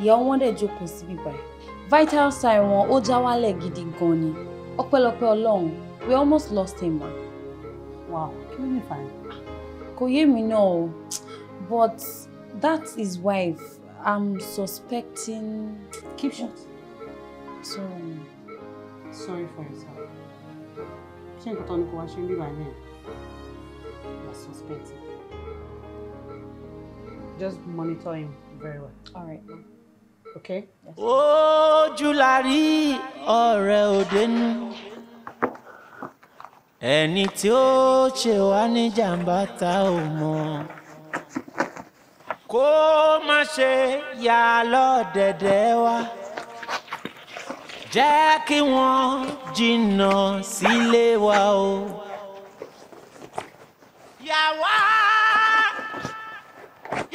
ìyàwó wọn dẹ̀ jókòó síbí báyìí vital sign wọn ó já wálẹ̀ gidi gan ni ọpẹ́lọpẹ́ Ọlọ́run we almost lost him ma. wow kí ló lè fà kò yé mi náà o but that is wife i'm suspecting. keep short. So, sorry for yourself. Ṣé nǹkan tó ní kó wá ṣe ń bíbá ní suspected. Just monitor him very well. All right. Okay? Yes. Ojú la rí ọ̀rẹ́ òdenu. Ẹni tí ó ṣe wá ní jàǹbá ta ò mọ̀. Kó má ṣe yà lọ́dẹ̀dẹ̀ jẹ́ kí wọ́n jìnnà sílé wa o. yàwá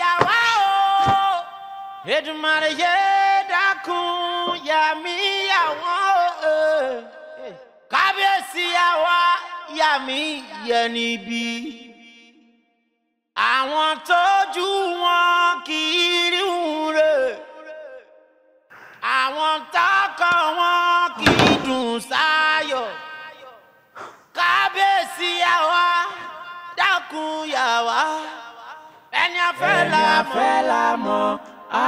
yàwá o Èdùmàrè yé dákun yàmí yàwọ́n o kábíyèsí yàwá yàmí yẹni bí. àwọn tójú wọn kì í rí wúre àwọn tọkọ wọn kì í dùn sáyọ̀ kábíyèsí àwa dákun yà wá ẹni afẹ́ la mọ̀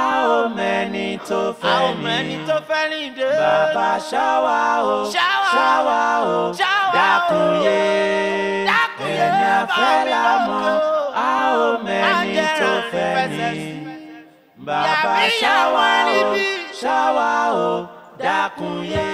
a ò mẹ́ni tó fẹ́ ni a ò mẹ́ni tó fẹ́ ni dé bàbá ṣáwa o ṣáwa o dákun yé ẹni afẹ́ la mọ̀ a ò mẹ́ni tó fẹ́ ni bàbá ṣáwa o ṣáwa o dákun yé.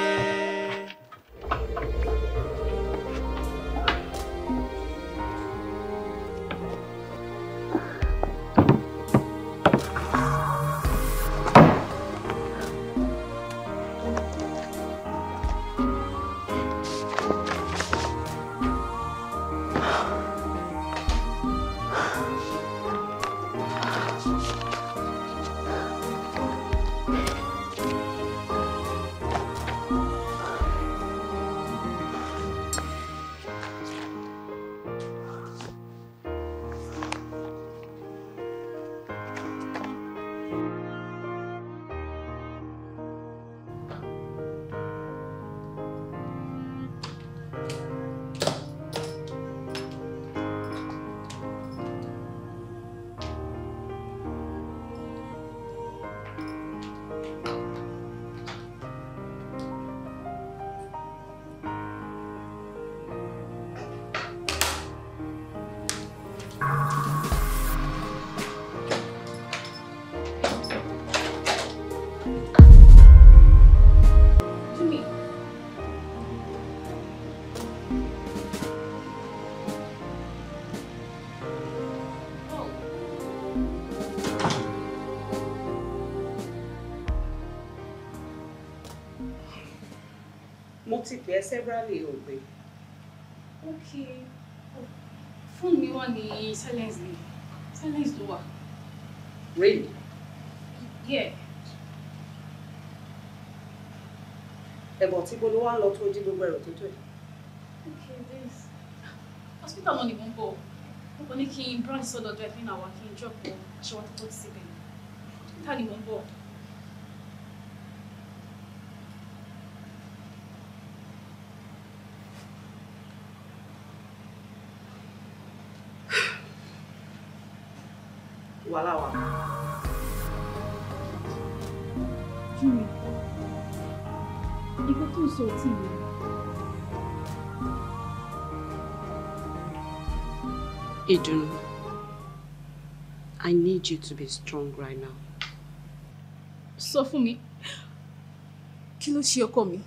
ti pè ẹ́ severally ò ok fóònù mi wà ní silence ni silence ló wà. really. yeah. ẹ̀bọ̀n tí gbogbo wa ń lọ tó jí gbogbo ẹ̀rọ tó tó yìí. ok this hospital náà ni mo ń bọ̀ mo ní kí n branch sọ́dọ̀ ọ̀dọ̀ ẹ̀fín náà wá kí n drop aṣọ wa tó tó ti síbẹ̀ níta ni mo ń bọ̀. wàhálà wà. júwe ikú tó ń sọ ọtí mi. Ìdùnnú, I need you to be strong right now. Sọ fún mi, kí ló ṣe ọkọ mi?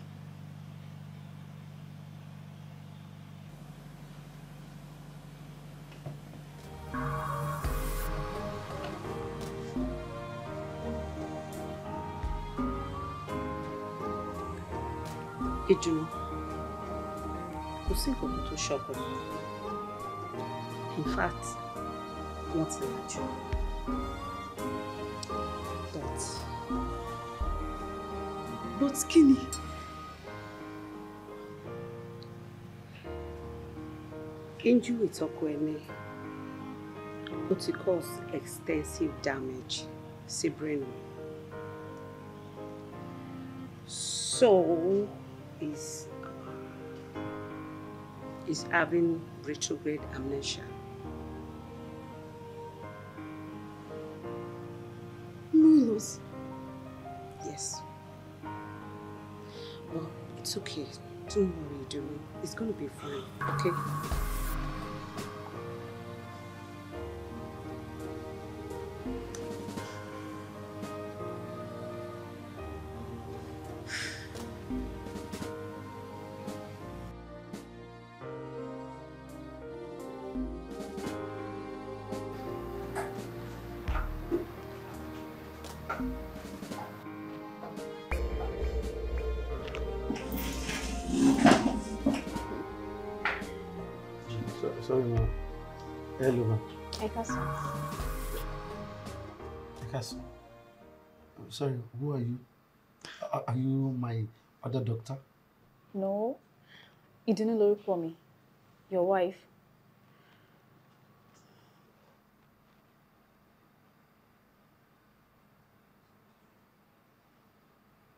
ṣọkọ mi in fact wọ́n ti lajú but but kí ni. injury tọkọ ẹni ó ti cause extensive damage sí brain so is is having retrograde amnesia. Munoz? Yes. Well, it's okay. Don't worry, Dumi. It's gonna be fine, okay? doctor? No. It didn't look for me. Your wife.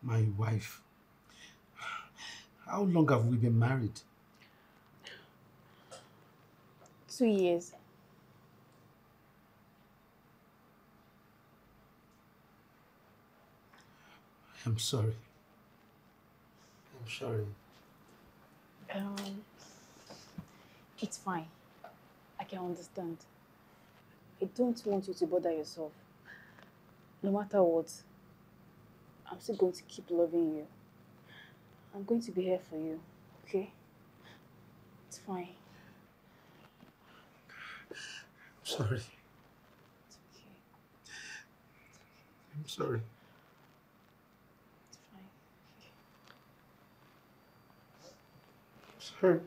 My wife. How long have we been married? Two years. I'm sorry. I'm sorry. Um, it's fine. I can understand. I don't want you to bother yourself. No matter what, I'm still going to keep loving you. I'm going to be here for you, okay? It's fine. I'm sorry. It's okay. It's okay. I'm sorry. Hmm. Sure.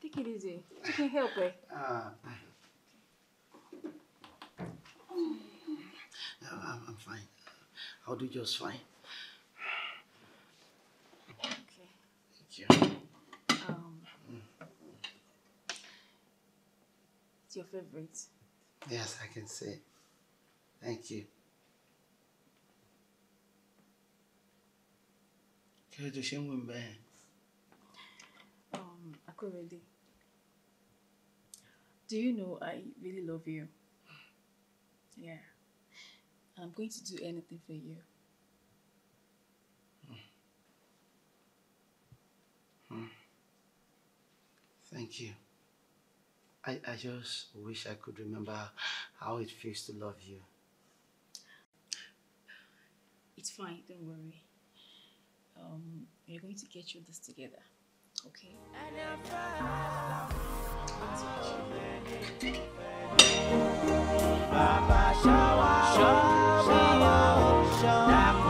take it easy you can help ẹ. Ah. I'll do just fine. Okay. Thank you. Um, It's your favorite. Yes, I can say. Thank you. Kí ló tó ṣe ń wò mí bẹ́ẹ̀? Um, Akorede, do you know I really love you? Yeah. I'm going to do anything for you. Hmm. Hmm. Thank you. I, I just wish I could remember how it feels to love you. It's fine, don't worry. Um, we're going to get you this together. Okay. Baba shower, shower, shower.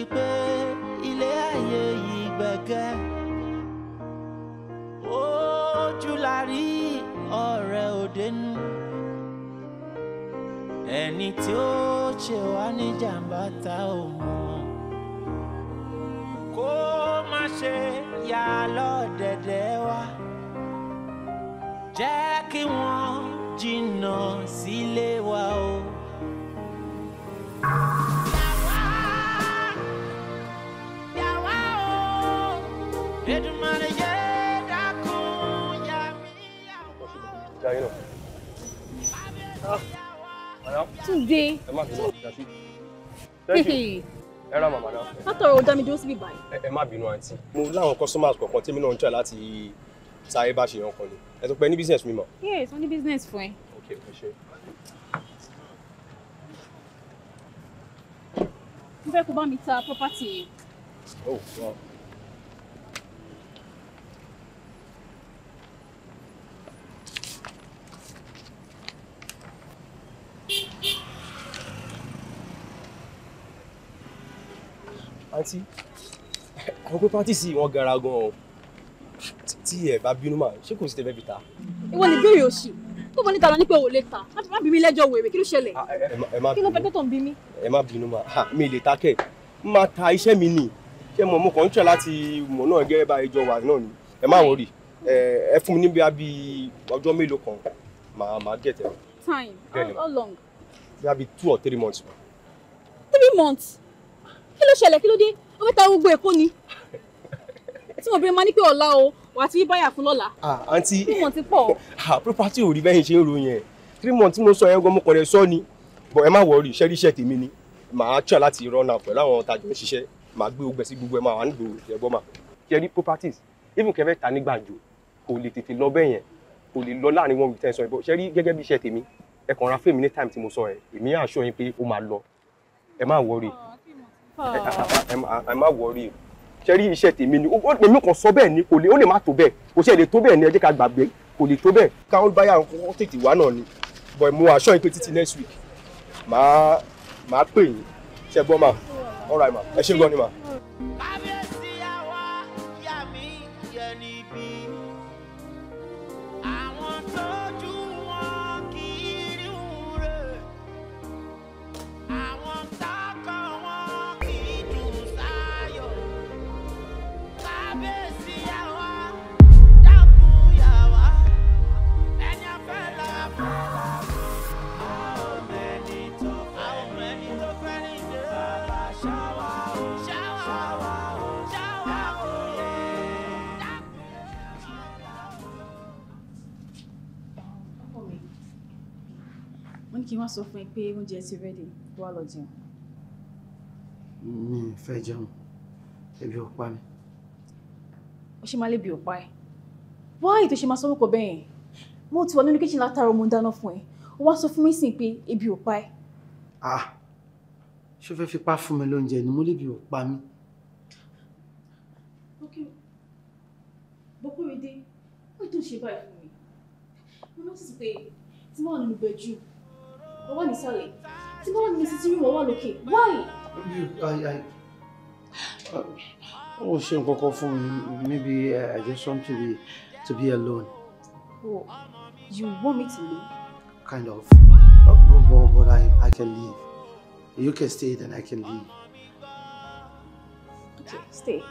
wípé ilé ayé yìí gbẹ̀gẹ́ ojú la rí ọ̀rẹ́ òdenu ẹni tí ó ṣe wá ní jàǹbá ta ò mọ̀ kó má ṣe yà lọ́dẹ̀dẹ̀ wa jẹ́ kí wọ́n jìnnà sílé wa o. thank you Jaiyo. Madam. Túndé. Ẹ Thank you. Ẹ ra màmá náà. Látọ̀rọ̀ ò dá mi dúró síbí báyìí. Ẹ má bínú àǹtí. Mo láwọn customers kọ̀ọ̀kan tí mi náà ń tẹ̀ láti sáré bá business mi Yes, wọ́n business fún ẹ. Ok, ẹ ṣe. Mo fẹ́ kó bá property. àǹtí àwọn pé pátì sí wọn gara gan o tí ẹ bá bínú mà ṣé kò sí tẹ fẹ́ fi ta. ìwọ ni béèrè òsì tó bọ́ níta lọ ní pé o lè ta má bí mi lẹ́jọ́ wèrè kí ló ṣẹlẹ̀ ah, kí ló fẹ́ tó tó ń bí mi. ẹ má bínú mà mi lè ta kẹ má ta iṣẹ́ mi nì ṣé mo mo kàn ń tẹ̀ láti mọ̀ náà gẹ́gẹ́ bá ìjọ wà náà ni ẹ má wọrí ẹ fún mi níbi abí ọjọ́ mélòó kan màá màá gẹ̀tẹ̀. time how long. bí a two or three months. three months kí ló ṣẹlẹ̀ kí ló dé ó fẹ́ ta gbogbo èkó ni tí mo bẹ̀rẹ̀ máa ní pé ọ̀la o wà á ti báyà fún lọ́la. àǹtí three months pọ̀. property ò rí bẹ́yìn ṣe ń ro yẹn three months tí mo sọ yẹn gan mo kọ̀rẹ́ sọ ni bọ̀ ẹ má wọrí iṣẹ́ ríṣẹ́ tèmi ni màá try láti rọ́nà pẹ̀lú àwọn tajọ ń ṣiṣẹ́ màá gbé ogbẹ́ sí gbogbo ẹ̀ máa wà nígbò ẹ̀gbọ́n mà. ṣe rí properties even kẹfẹ́ ta ní gbàǹjo kò lè tètè lọ bẹ́ẹ̀ yẹn kò lè lọ láàrin wọn wìtẹ́ sọ ìbọn ṣe rí gẹ́gẹ́ bí iṣẹ́ tèmi ẹ kàn ra fíìmù ní time tí mo sọ ẹ èmi àṣọ yín pé ó máa lọ ẹ má wọrí ẹ má wọrí o ṣe rí iṣẹ́ tèmi ni èmi kàn sọ bẹ́ẹ̀ ni kò lè ó lè má tó bẹ́ẹ̀ kò ṣe lè tó bẹ́ẹ̀ ni ẹ jẹ́ ká gbàgbé kò lè tó bẹ́ẹ̀ káwọn báyà wọn tètè wá náà ni bọ̀ mo àṣọ ìpè títí next week màá màá pè yín ṣẹ́gbọ́n mà all right ẹ ṣe gan ni ma. kí wọ́n sọ fún ẹ pé oúnjẹ ti rẹ́dì wá lọ jẹun. mi ò fẹ́ jẹun ebi ò pa mi. ó ṣe máa lébi ò pa ẹ wáyé tó ṣe máa sọ́wọ́ bẹ́ẹ̀ mo ti wà nínú kíchìn látara mo ń dáná fún ẹ ó wá sọ fún mi sìn pé ebi ò pa ẹ. ah ṣé o fẹ́ fipá fún mi lóúnjẹ ni mo lébi ò pa mi. ok bókó mi dé wọ́n tó ṣe báyìí fún mi mo lọ́ọ́ sì pé tí wọ́n ń lu bẹ́ẹ̀ jù mo wà nísàlẹ̀ tí mo wà ní sítí rí mo wà lókè why. ó ṣe nǹkan kan fún mi maybe uh, I just want to be to be alone. Oh, you want me to leave? Kind of. But, but, but I, I can leave. You can stay, then I can leave. Okay, stay.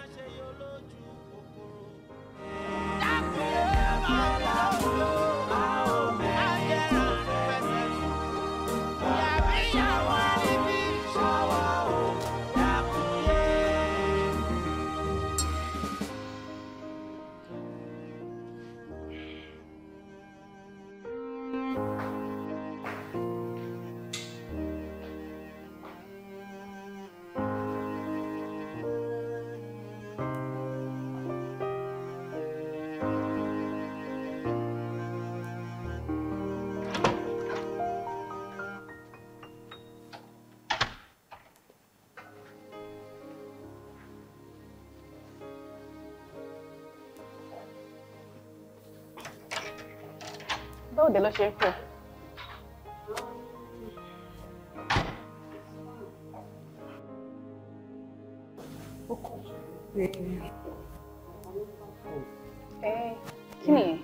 ibẹ̀ ló ṣe ń pè. ẹ kí nìyẹn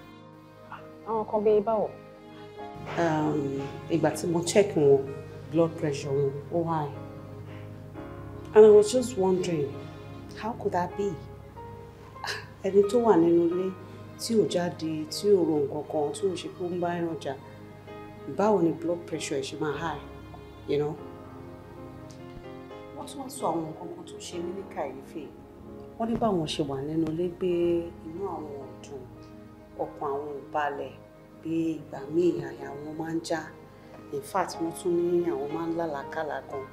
àwọn kan bíi báwo. Um, ìgbà tí mo check wọn blood pressure wọn ó high and I was just wondering how could that be ẹni tó wà nínú ilé tí ò jáde tí ò ro nǹkan kan tí ò ṣe kó ń bá ẹran jà báwo ni blood pressure ẹ̀ ṣe máa high you know. wọ́n tún wá sọ àwọn nǹkan kan tó ṣe mí ní kàyéfì wọ́n ní báwọn ṣe wà nínú ilé gbé inú àwọn ọ̀dùn ọkàn àwọn ò balẹ̀ pé ìgbà míì àyà wọn máa ń já in fact wọ́n tún ní àwọn máa ń lálàkàlà gan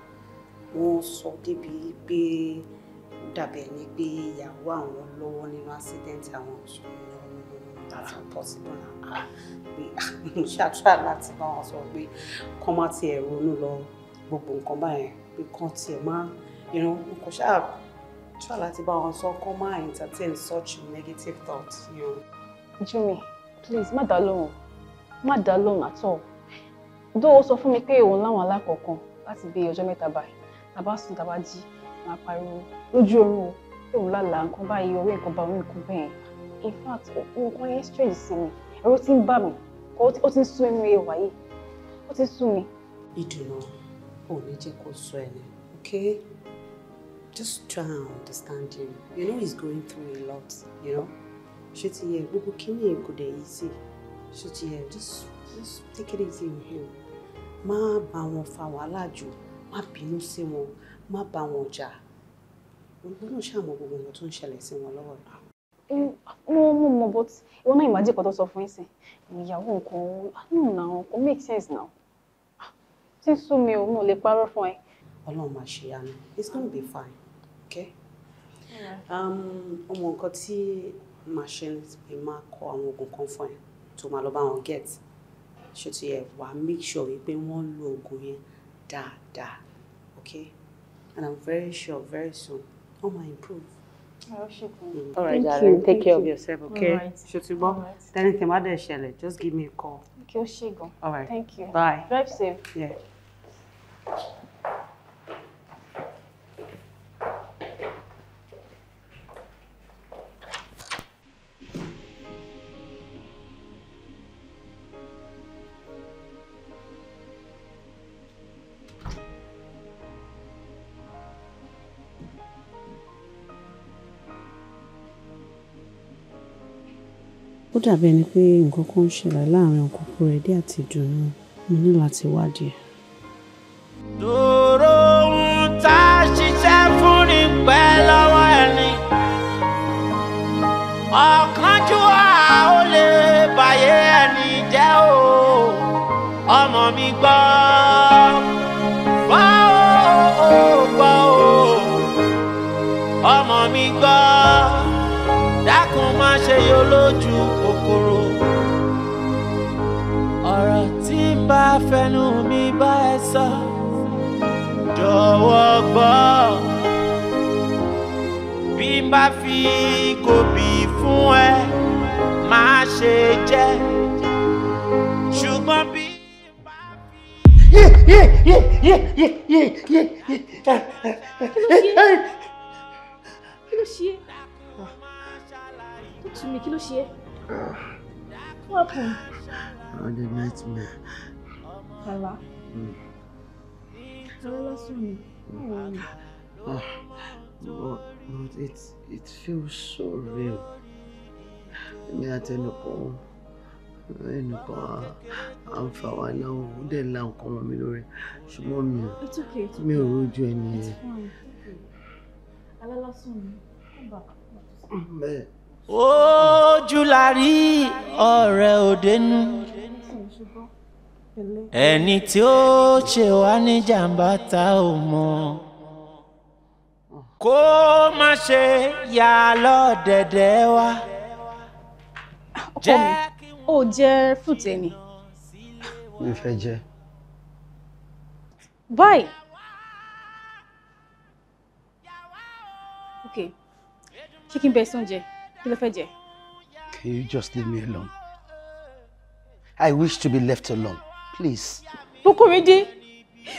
wọ́n sọ débi pé dàbí ẹni pé ìyàwó àwọn lọ́wọ́ nínú accident àwọn ṣùgbọ́n that's not possible now pé ah, ṣàtúrà láti bá wọn sọ pé kán má tiẹ̀ ronú lọ gbogbo nǹkan báyẹn pé kán tiẹ̀ má irun kò ṣáà ṣáà láti bá wọn sọ kán má entertain such negative thoughts. Jimmy please má dá lóhùn má dá lóhùn at all dóò sọ fún mi pé òun láwọn alákọ̀ọ́kan láti bí ọjọ́ mẹ́ta báyìí tàbá sùn tàbá jí máa pariwo lójú oorun o pé òun lálàá nǹkan báyìí orí nǹkan bá orí nǹkan bẹ́ẹ̀ in fact nǹkan yẹn strange sí mi ẹ̀rọ ti ń bà mí ó ti ń sún ẹnu ẹ wáyé ó ti ń sún mi. ìdùnnú ò ní jẹ́ kó sọ ẹni okay just try and understand him you know he's going through a lot you know ṣé ti yẹ gbogbo kíní yẹn kò dẹ̀ yí sí ṣé ti yẹ just just take it easy with him má bá wọn fa wàhálà jù má bínú sí wọn má bá wọn jà gbogbo náà ṣàmọ gbogbo nǹkan tó ń ṣẹlẹ̀ sí wọn lọ́wọ́ náà mo mo mo but ìwọ náà ìmájì kan tó sọ fún ìsìn ìyàwó nǹkan nù ah, náà kò make sense now tí ah, sú mi ò mo lè parọ́ fún ẹ. Ọlọ́run máa ṣe àná it's gonna be fine okay ọmọ um, nǹkan tí màá ṣe ni máa kọ àwọn oògùn kan fún ẹ tó máa lọ bá wọn get ṣe ti yẹ wá make sure wípé wọ́n lo oògùn yẹn dáadáa okay and I'm very sure very soon wọ́n máa improve. Oh, All right, darling. Take Thank care you. of yourself, okay? All right. Shutibo, All right. tell anything about Shelley. Just give me a call. Okay, Oshigo. All right. Thank you. Bye. Drive safe. Yeah. dàbí ẹni pé nǹkan kan ń ṣẹlẹ̀ láàárín ọkọ Kòrédé àti Ìdùnnú. Mo ní láti wádìí. Dòrò ohun tá a ṣiṣẹ́ fún ni pẹ́ lọ́wọ́ ẹni. Ọ̀kánjúwà ó lè bàyé ẹni jẹ́ o. Ọmọ mi gbọ́. fẹnu mi bá ẹ sọ jọ̀wọ́ gbọ́ bí n bá fi kòbí fún ẹ má ṣe jẹ ṣùgbọ́n bí n bá fi kí kí ló ṣe é? Ah. What happened? Ah, I had a nightmare. Àlá. Àlá sùn mi. Báwo ni? Hmm. Ah, but, but it, it feels so real. Èmi àti ẹnìkan ẹnìkan à ń fa wa láwọn òun dẹ̀ la nǹkan mọ́ mi lórí ṣùgbọ́n mi ò mi ò rójú ẹni yẹn. Àlá lásán ni, come back. Bẹ́ẹ̀ ojú la rí ọ̀rẹ́ òdenu ẹni tí ó ṣe wá ní jàǹbá ta ò mọ̀ kó má ṣe yà lọ́dẹ̀dẹ̀ wá. ọkọ mi ò jẹ fruit ẹni. mi fẹ́ jẹ. báyìí. ok chicken breast oúnjẹ kí ló fẹ́ jẹ. can you just leave me alone? I wish to be left alone please. Bukuride,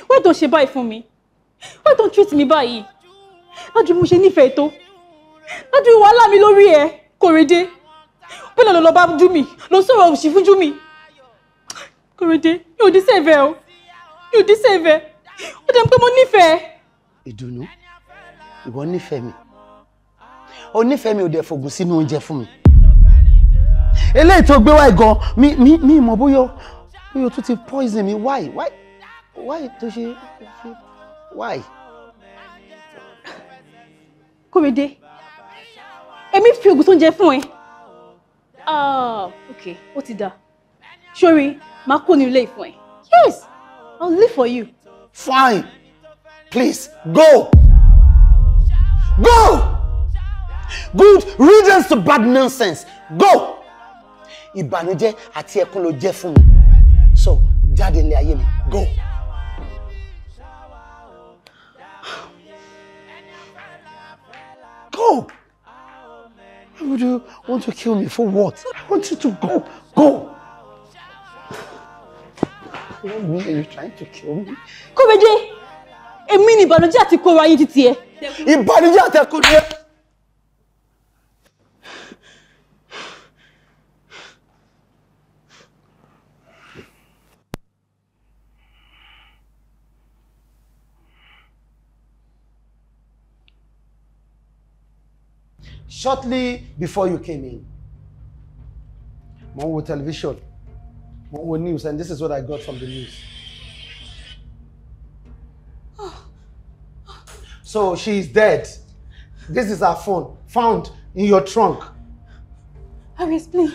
why don't she buy for me? Why don't you treat me báyìí? Lájú mo ṣe nífẹ̀ẹ́ tó. Lájú wàhálà mi lórí ẹ̀, Kòrédé. Bẹ́ẹ̀ lọ lọ bá Júmi, lọ sọ̀rọ̀ òṣì fún Júmi. Kòrédé, yóò dí sẹ́ẹ̀fẹ̀ o. you dí sẹ́ẹ̀fẹ̀. Ó dẹ̀ pé mo nífẹ̀ẹ́. Ìdùnnú, ìwọ nífẹ̀ẹ́ mi. O nífẹ̀ẹ́ mi ò dẹ̀ fògùn sínú oúnjẹ fún mi. Eléyìí tó gbé wá gan, mi mi mi mọ̀ bóyá yóò tún ti poison mi why why why tó ṣe why. kórèdé èmi fi oògùn tó ń jẹ fún ẹ ah, ok ó ti dà sórí máa kó ní ilé ìfún ẹ yes i will live for you. fine please go go good reasons to bad nonsense go ìbànújẹ́ àti ẹkún ló jẹ́ fún mi so jáde ní ayé mi go. Go! Why would you want to kill me for what? I want you to go. Go! You mean are you trying to kill me? Kobede, èmi ni ìbànújẹ́ àti kóra yín títí ẹ. Ìbànújẹ́ àti ẹ̀kọ́ ni ẹ. shortly before you came in. Monwo television, Monwo news, and this is what I got from the news. So she is dead. This is her phone, found in your trunk. I will explain.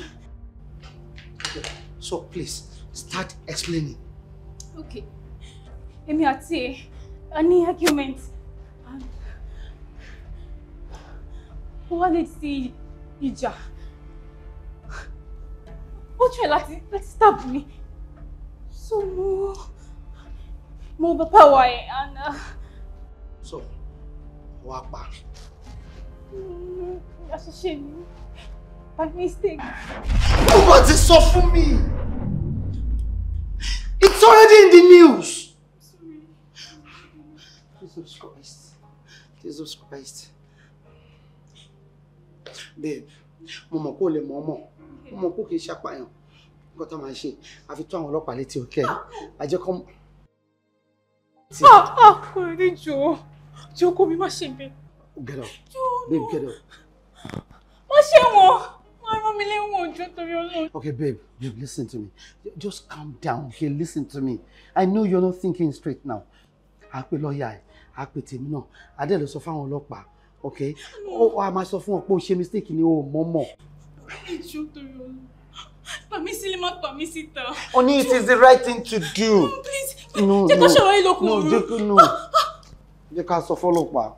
So please, start explaining. Okay. Èmi any arguments? ó wá lè ti ìjà ó jẹ́ láti láti stab mi so mo mo bàbá wa ẹ̀ àná. sọ wàá pa. àṣìṣe mm, mi by mistake. ó wá ti sọ fún mi it's already in the news. Jesus Christ Jesus Christ bẹ́ẹ̀ mo mọ̀ kó lè mọ̀ ọmọ mo mọ̀ kó kì í ṣàpàyàn nǹkan tó máa ṣe àfi tó àwọn ọlọ́pàá létí òkè àjẹkọ́. Ah, ah, ọkùnrin jọ jọ kó mi má ṣe mi. get up babe get up. má ṣe wọn má rán mi léwọ̀n ojú torí Ọlọ́run. okay babe babe listen to me just calm down okay listen to me i know you're not thinking straight now àpè lọ́ọ̀yà ẹ̀ àpè tèmi náà adé ló sọ fáwọn ọlọ́pàá ok ó wàá máa sọ fún ọ pé o ṣe mistake ni o mọ̀ mọ̀. ìṣó torí o pàmí sílẹ̀ má pàmí síta. o ní it is the right thing to do. no please jẹ́ ká ṣọ̀rọ̀ ìlọkùnrin. no ah. jẹ́ ká sọ fọ́lọ́pàá.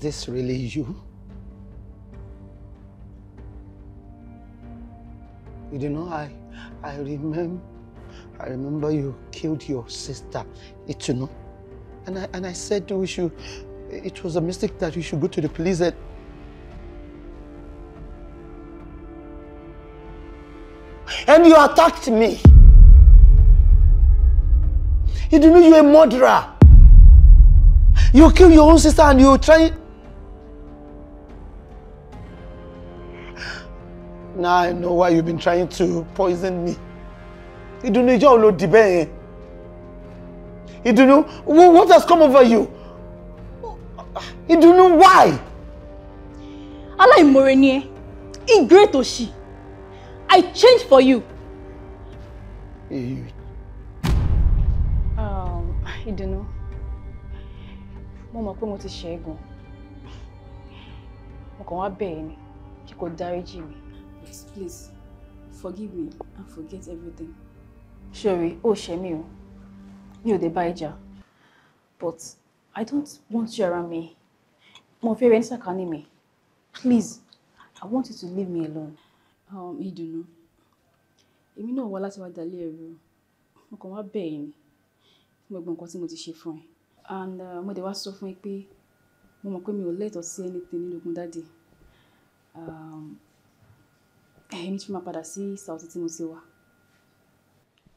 this really you? You know, I, I remember, I remember you killed your sister, Ituno. And I, and I said to you, it was a mistake that you should go to the police and... And you attacked me. You know you're a murderer. You kill your own sister and you try Now I know why you've been trying to poison me. Ìdùnnú ìjọ ló di bẹ́ẹ̀ yẹn. Ìdùnnú what has come over you? Ìdùnnú why? Aláìmoore ni ẹ́, ingrate òṣì, I changed for you. Um. mo mọ̀ pé mo ti ṣe é gan. Mo kàn wá bẹ̀ ẹ́ ni kí kò Please, please, forgive me and forget everything. Sherry, oh ṣe you the Mi But I don't want you around me. Mo fẹ́ rẹ ní sàkání mi. Please, I want you to leave me alone. Um, Ìdùnnú, èmi náà wá láti wá dalẹ̀ ẹ̀rù. Mo kàn wá bẹ̀ ẹ́ ni fún gbogbo nǹkan tí mo ti ṣe fún ẹ. And uh, mo dẹ̀ wá sọ fún ẹ pé mo mọ̀ pé mi ò lẹ́tọ̀ọ́ sí anything nínú ogun dáàdì ẹ̀yin tún máa padà sí Saudi tí mo ti wà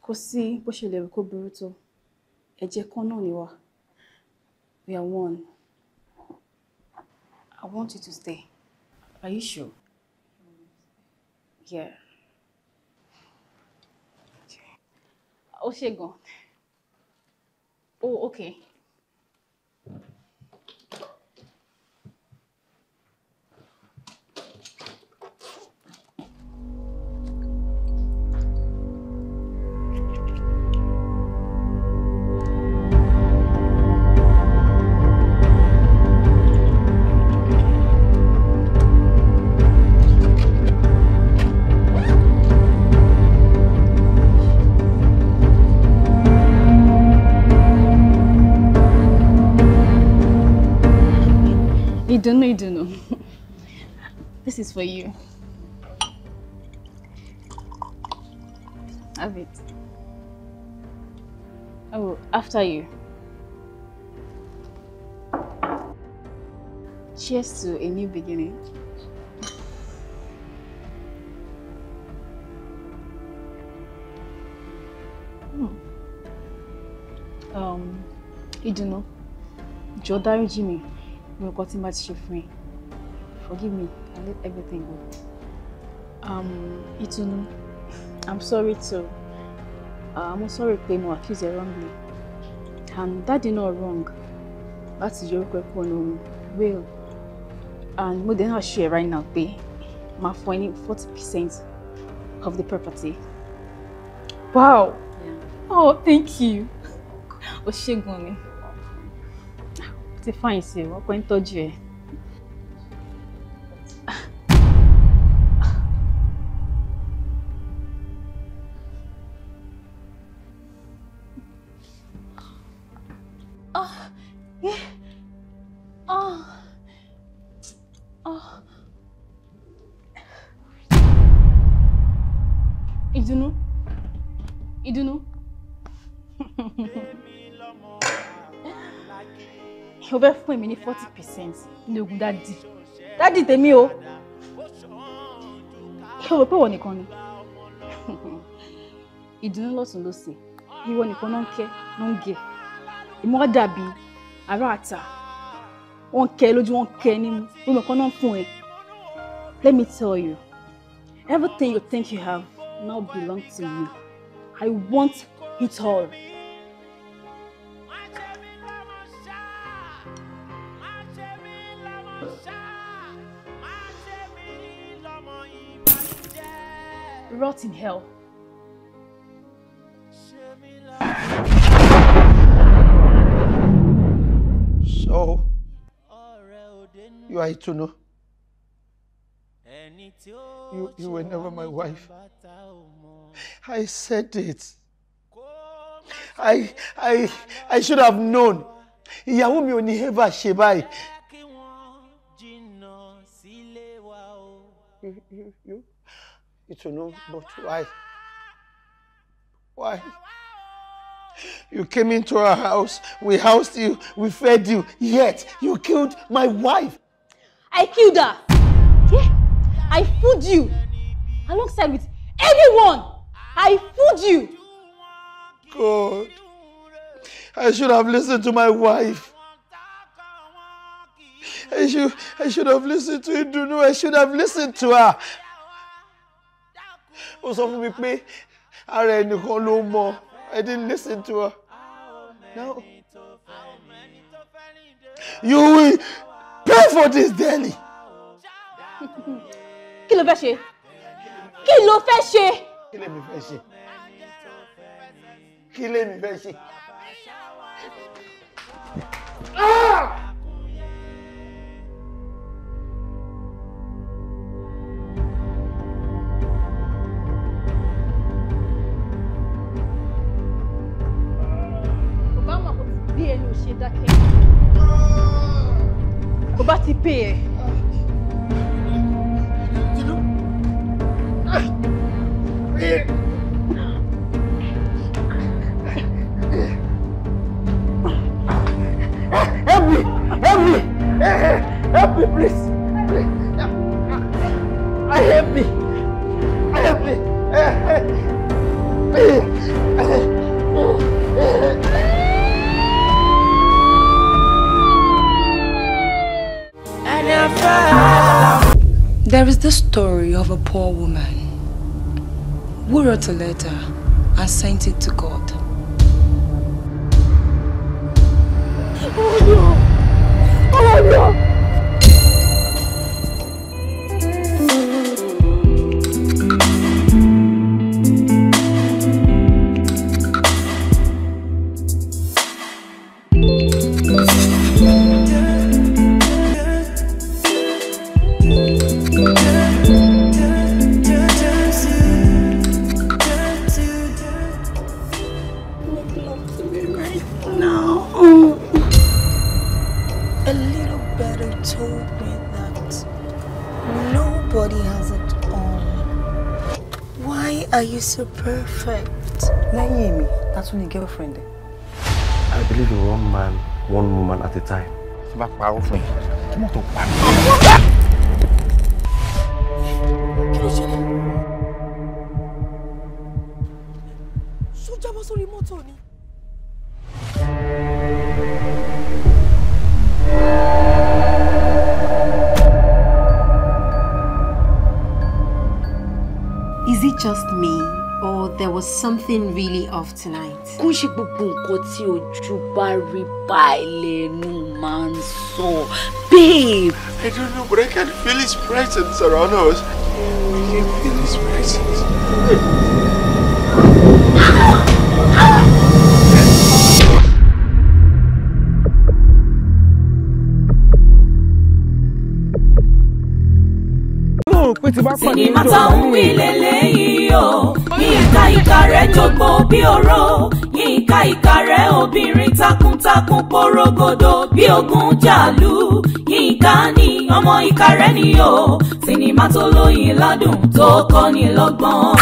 kò sí bó ṣe lè rò kó burú tó ẹ̀jẹ̀ kan náà ni wá we are one I want you to stay are you sure yeah ó ṣe gan oh okay. don't know, you don't know. This is for you. Have it. Oh, after you. Cheers to a new beginning. Hmm. Um, don't know. dáríjì Jimmy mo nǹkan tí n bá ti ṣe forgive me i let everything go. Um, Itunu, i'm sorry too uh, mo sorry pé mo accuse ẹ wrongly and that did not wrong That's your orúkọ ẹ̀kọ́ ọ̀nà will and mo dẹ̀ náà right now pé My fún ẹ forty percent of the property. wow yeah. oh thank you o ṣe gan se foi eu a quanto de fún èmi ní forty percent ní ogún dádì dádì tèmi o ṣé o rò pé ìwọ nìkan ni ìdùnnú lọ́tún ló ṣe ìwọ nìkan náà ń kẹ́ ló ń gẹ̀ ìmọ̀ dàbí ará àtà wọ́n kẹ́ lójú wọ́n kẹ́ nímú gbogbo nǹkan náà fún ẹ let me tell you everything you think you have now belong to me i want it all. Rot in hell. So, you are Ituno. You, you were never my wife. I said it. I, I, I should have known. Ìyàwó mi ò ní Eva You, you, you. to know, but why? Why? You came into our house, we housed you, we fed you, yet you killed my wife. I killed her. Yeah, I fooled you. Alongside with everyone, I fooled you. God, I should have listened to my wife. I should, I should have listened to Idunu. I should have listened to her. ó sọ fún mi pé ara ẹnìkan ló mọ I didn't listen to her. No. you will pay for this daily. kí ló fẹ́ ṣe kí ló fẹ́ ṣe. kí lèmi fẹ́ ṣe kí lèmi fẹ́ ṣe. Ah! participé. a poor woman, who wrote a letter and sent it to God. at a time. tí bá parọ́ fún yìí kí mọ́tò pa mí. kí ló sórí mọ́tò ni. Is it just me? or there was something really off tonight. babe. I don't know but I can feel his presence around us. I can feel his presence. pé tí bá kọ̀ ní ìjọba ní. sinimá táwọn wí lélẹ́yìí o yínká ìka rẹ̀ jogbo bí oró yínká ìka rẹ̀ obìnrin takuntakun porogodo bí ogun jàlú yínká ni ọmọ ìka rẹ̀ ni o sinimá tó lóyin ládùn tó kọ́ni lọ́gbọ́n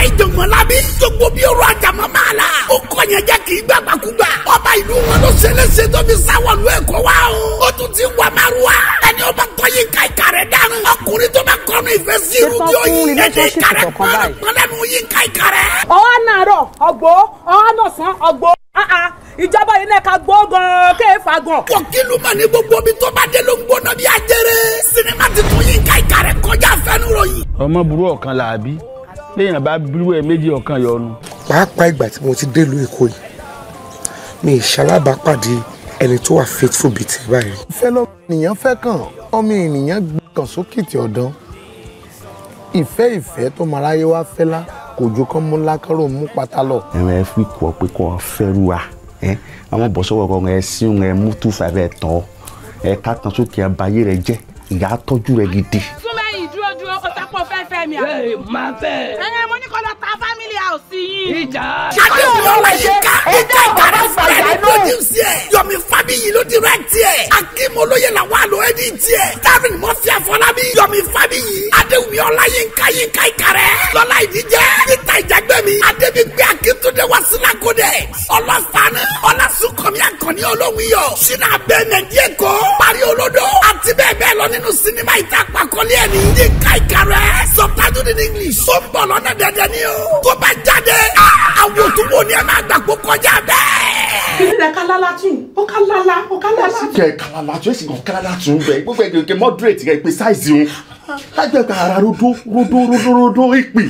ọba ìjọ̀gbọ̀nlábí gbogbo bí ọrọ̀ àjàmọ́ máa la ó kọ̀yànjẹ́ kì í gbàgbàkúgbà ọba ìlú wọn ló ṣẹlẹ́ṣẹ tó fi sáwọ̀lú ẹ̀kọ́ wa o ó tún ti wà márùwá ẹni ọba tọ́yìn ka ìka rẹ̀ dànù ọkùnrin tó bá kọ́nu ìfẹ́ sí irú bí ó yin ẹni ìka rẹ̀ pọ́nlẹ́nu yin ka ìka rẹ̀. ọ̀hán náà rọ̀ ọ̀gbọ́ ọ̀hán náà ah, ah. ìjọba yìí náà ka gbọ́ gan-an kéè fa gan. ní gbogbo omi tó bá dé ló ń gbóná bí ajere sinimá ti tún yín ká ìka rẹ̀ kọjá fẹ́nu ròyìn. ọmọ burú ọ̀kan làbí léèyàn bá bírú ẹ méjì ọ̀kan yọnu. pàápàá ìgbà tí mo ti délùú èkó yìí mi ìṣalábàápàdé ẹni tó wà faithful bíi tẹ báyìí. ìfẹ́ lọ́mọ ènìyàn fẹ́ kàn ọmọ ènìyàn gbẹ̀kàn sókè tí ọ̀dán ìfẹ́ ìfẹ́ tó maráyé wá fẹ́ lá kò ju kán mú lákàrò mú pátá lọ. ẹ fi kọ pé kò fẹ́rù wa àwọn bọ̀sọ̀wọ̀ kan ẹ síun ẹ mú tùfà bẹ́ẹ̀ tán ẹ ká tan sókè abayé rẹ jẹ́ ìyá tọ́jú rẹ gidi mi àbẹ̀. máa ẹ mo kọ́ lọ ta fá ò sí yín. ìjà. ṣáájú ọ̀rọ̀ rẹ̀ yìí ká ìjà ìbára fún ẹni ló jí sí ẹ̀. yomi fábíyì ló ti rẹ̀ tiẹ̀. akim olóye la wà ló ẹni tiẹ̀. darren mọ́fì àfọlábí. yomi fábíyì. adéwì ọlá yín ká yín ká ìkàrẹ́. lọ́lá ìdíjẹ́. níta ìjàgbẹ́ mi. adébí gbé akíntúndé wá síláko dẹ̀. ọlọ́fàánù ọlásùnkànmí àkànní olóhùn iyọ̀. sínú abẹ́ nàìjíríà kó. parí olódó. àti bẹ́ẹ̀ bẹ́ẹ̀ lọ nínú sinimá ìtàkpàkọ́lé ẹni. yín ká ìkàrẹ́. sọ jáde ah, àwọn òtúwò ni ẹ máa gbàgbó kọjá bẹ́ẹ̀. ìlú rẹ̀ kálálá tún ó kálálá ó kálálá. kẹ kálálá tún èsì kan kálálá tún bẹ gbogbo ẹgbẹ òkè moderate rẹ pé size òun lágbẹ̀gbẹ̀ ara rodo rodo rodo rodo ìpè.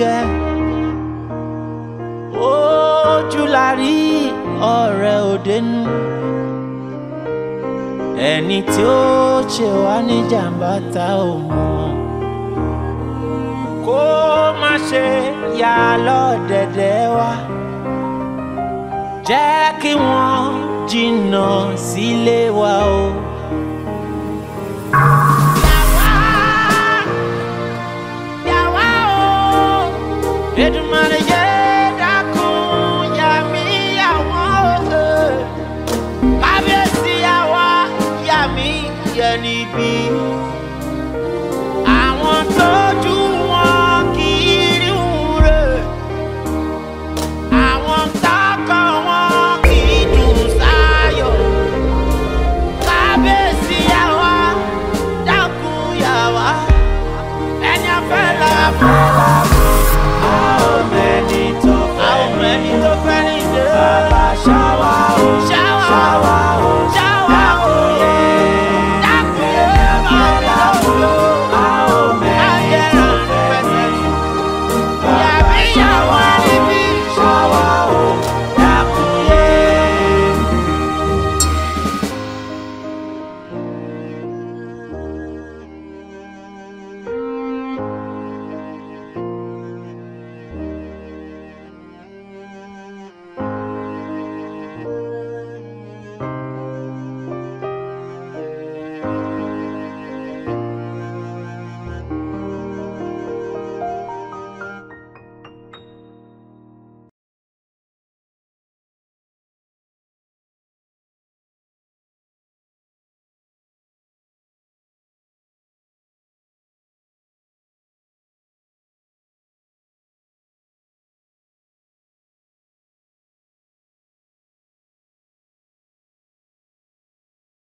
gẹ́ ojú la rí ọ̀rẹ́ òdenu ẹni tí ó ṣe wá ní jàǹbá ta ò mọ̀ kó má ṣe yà lọ́dẹ̀dẹ̀ wa jẹ́ kí wọ́n jìnnà sílé wa o.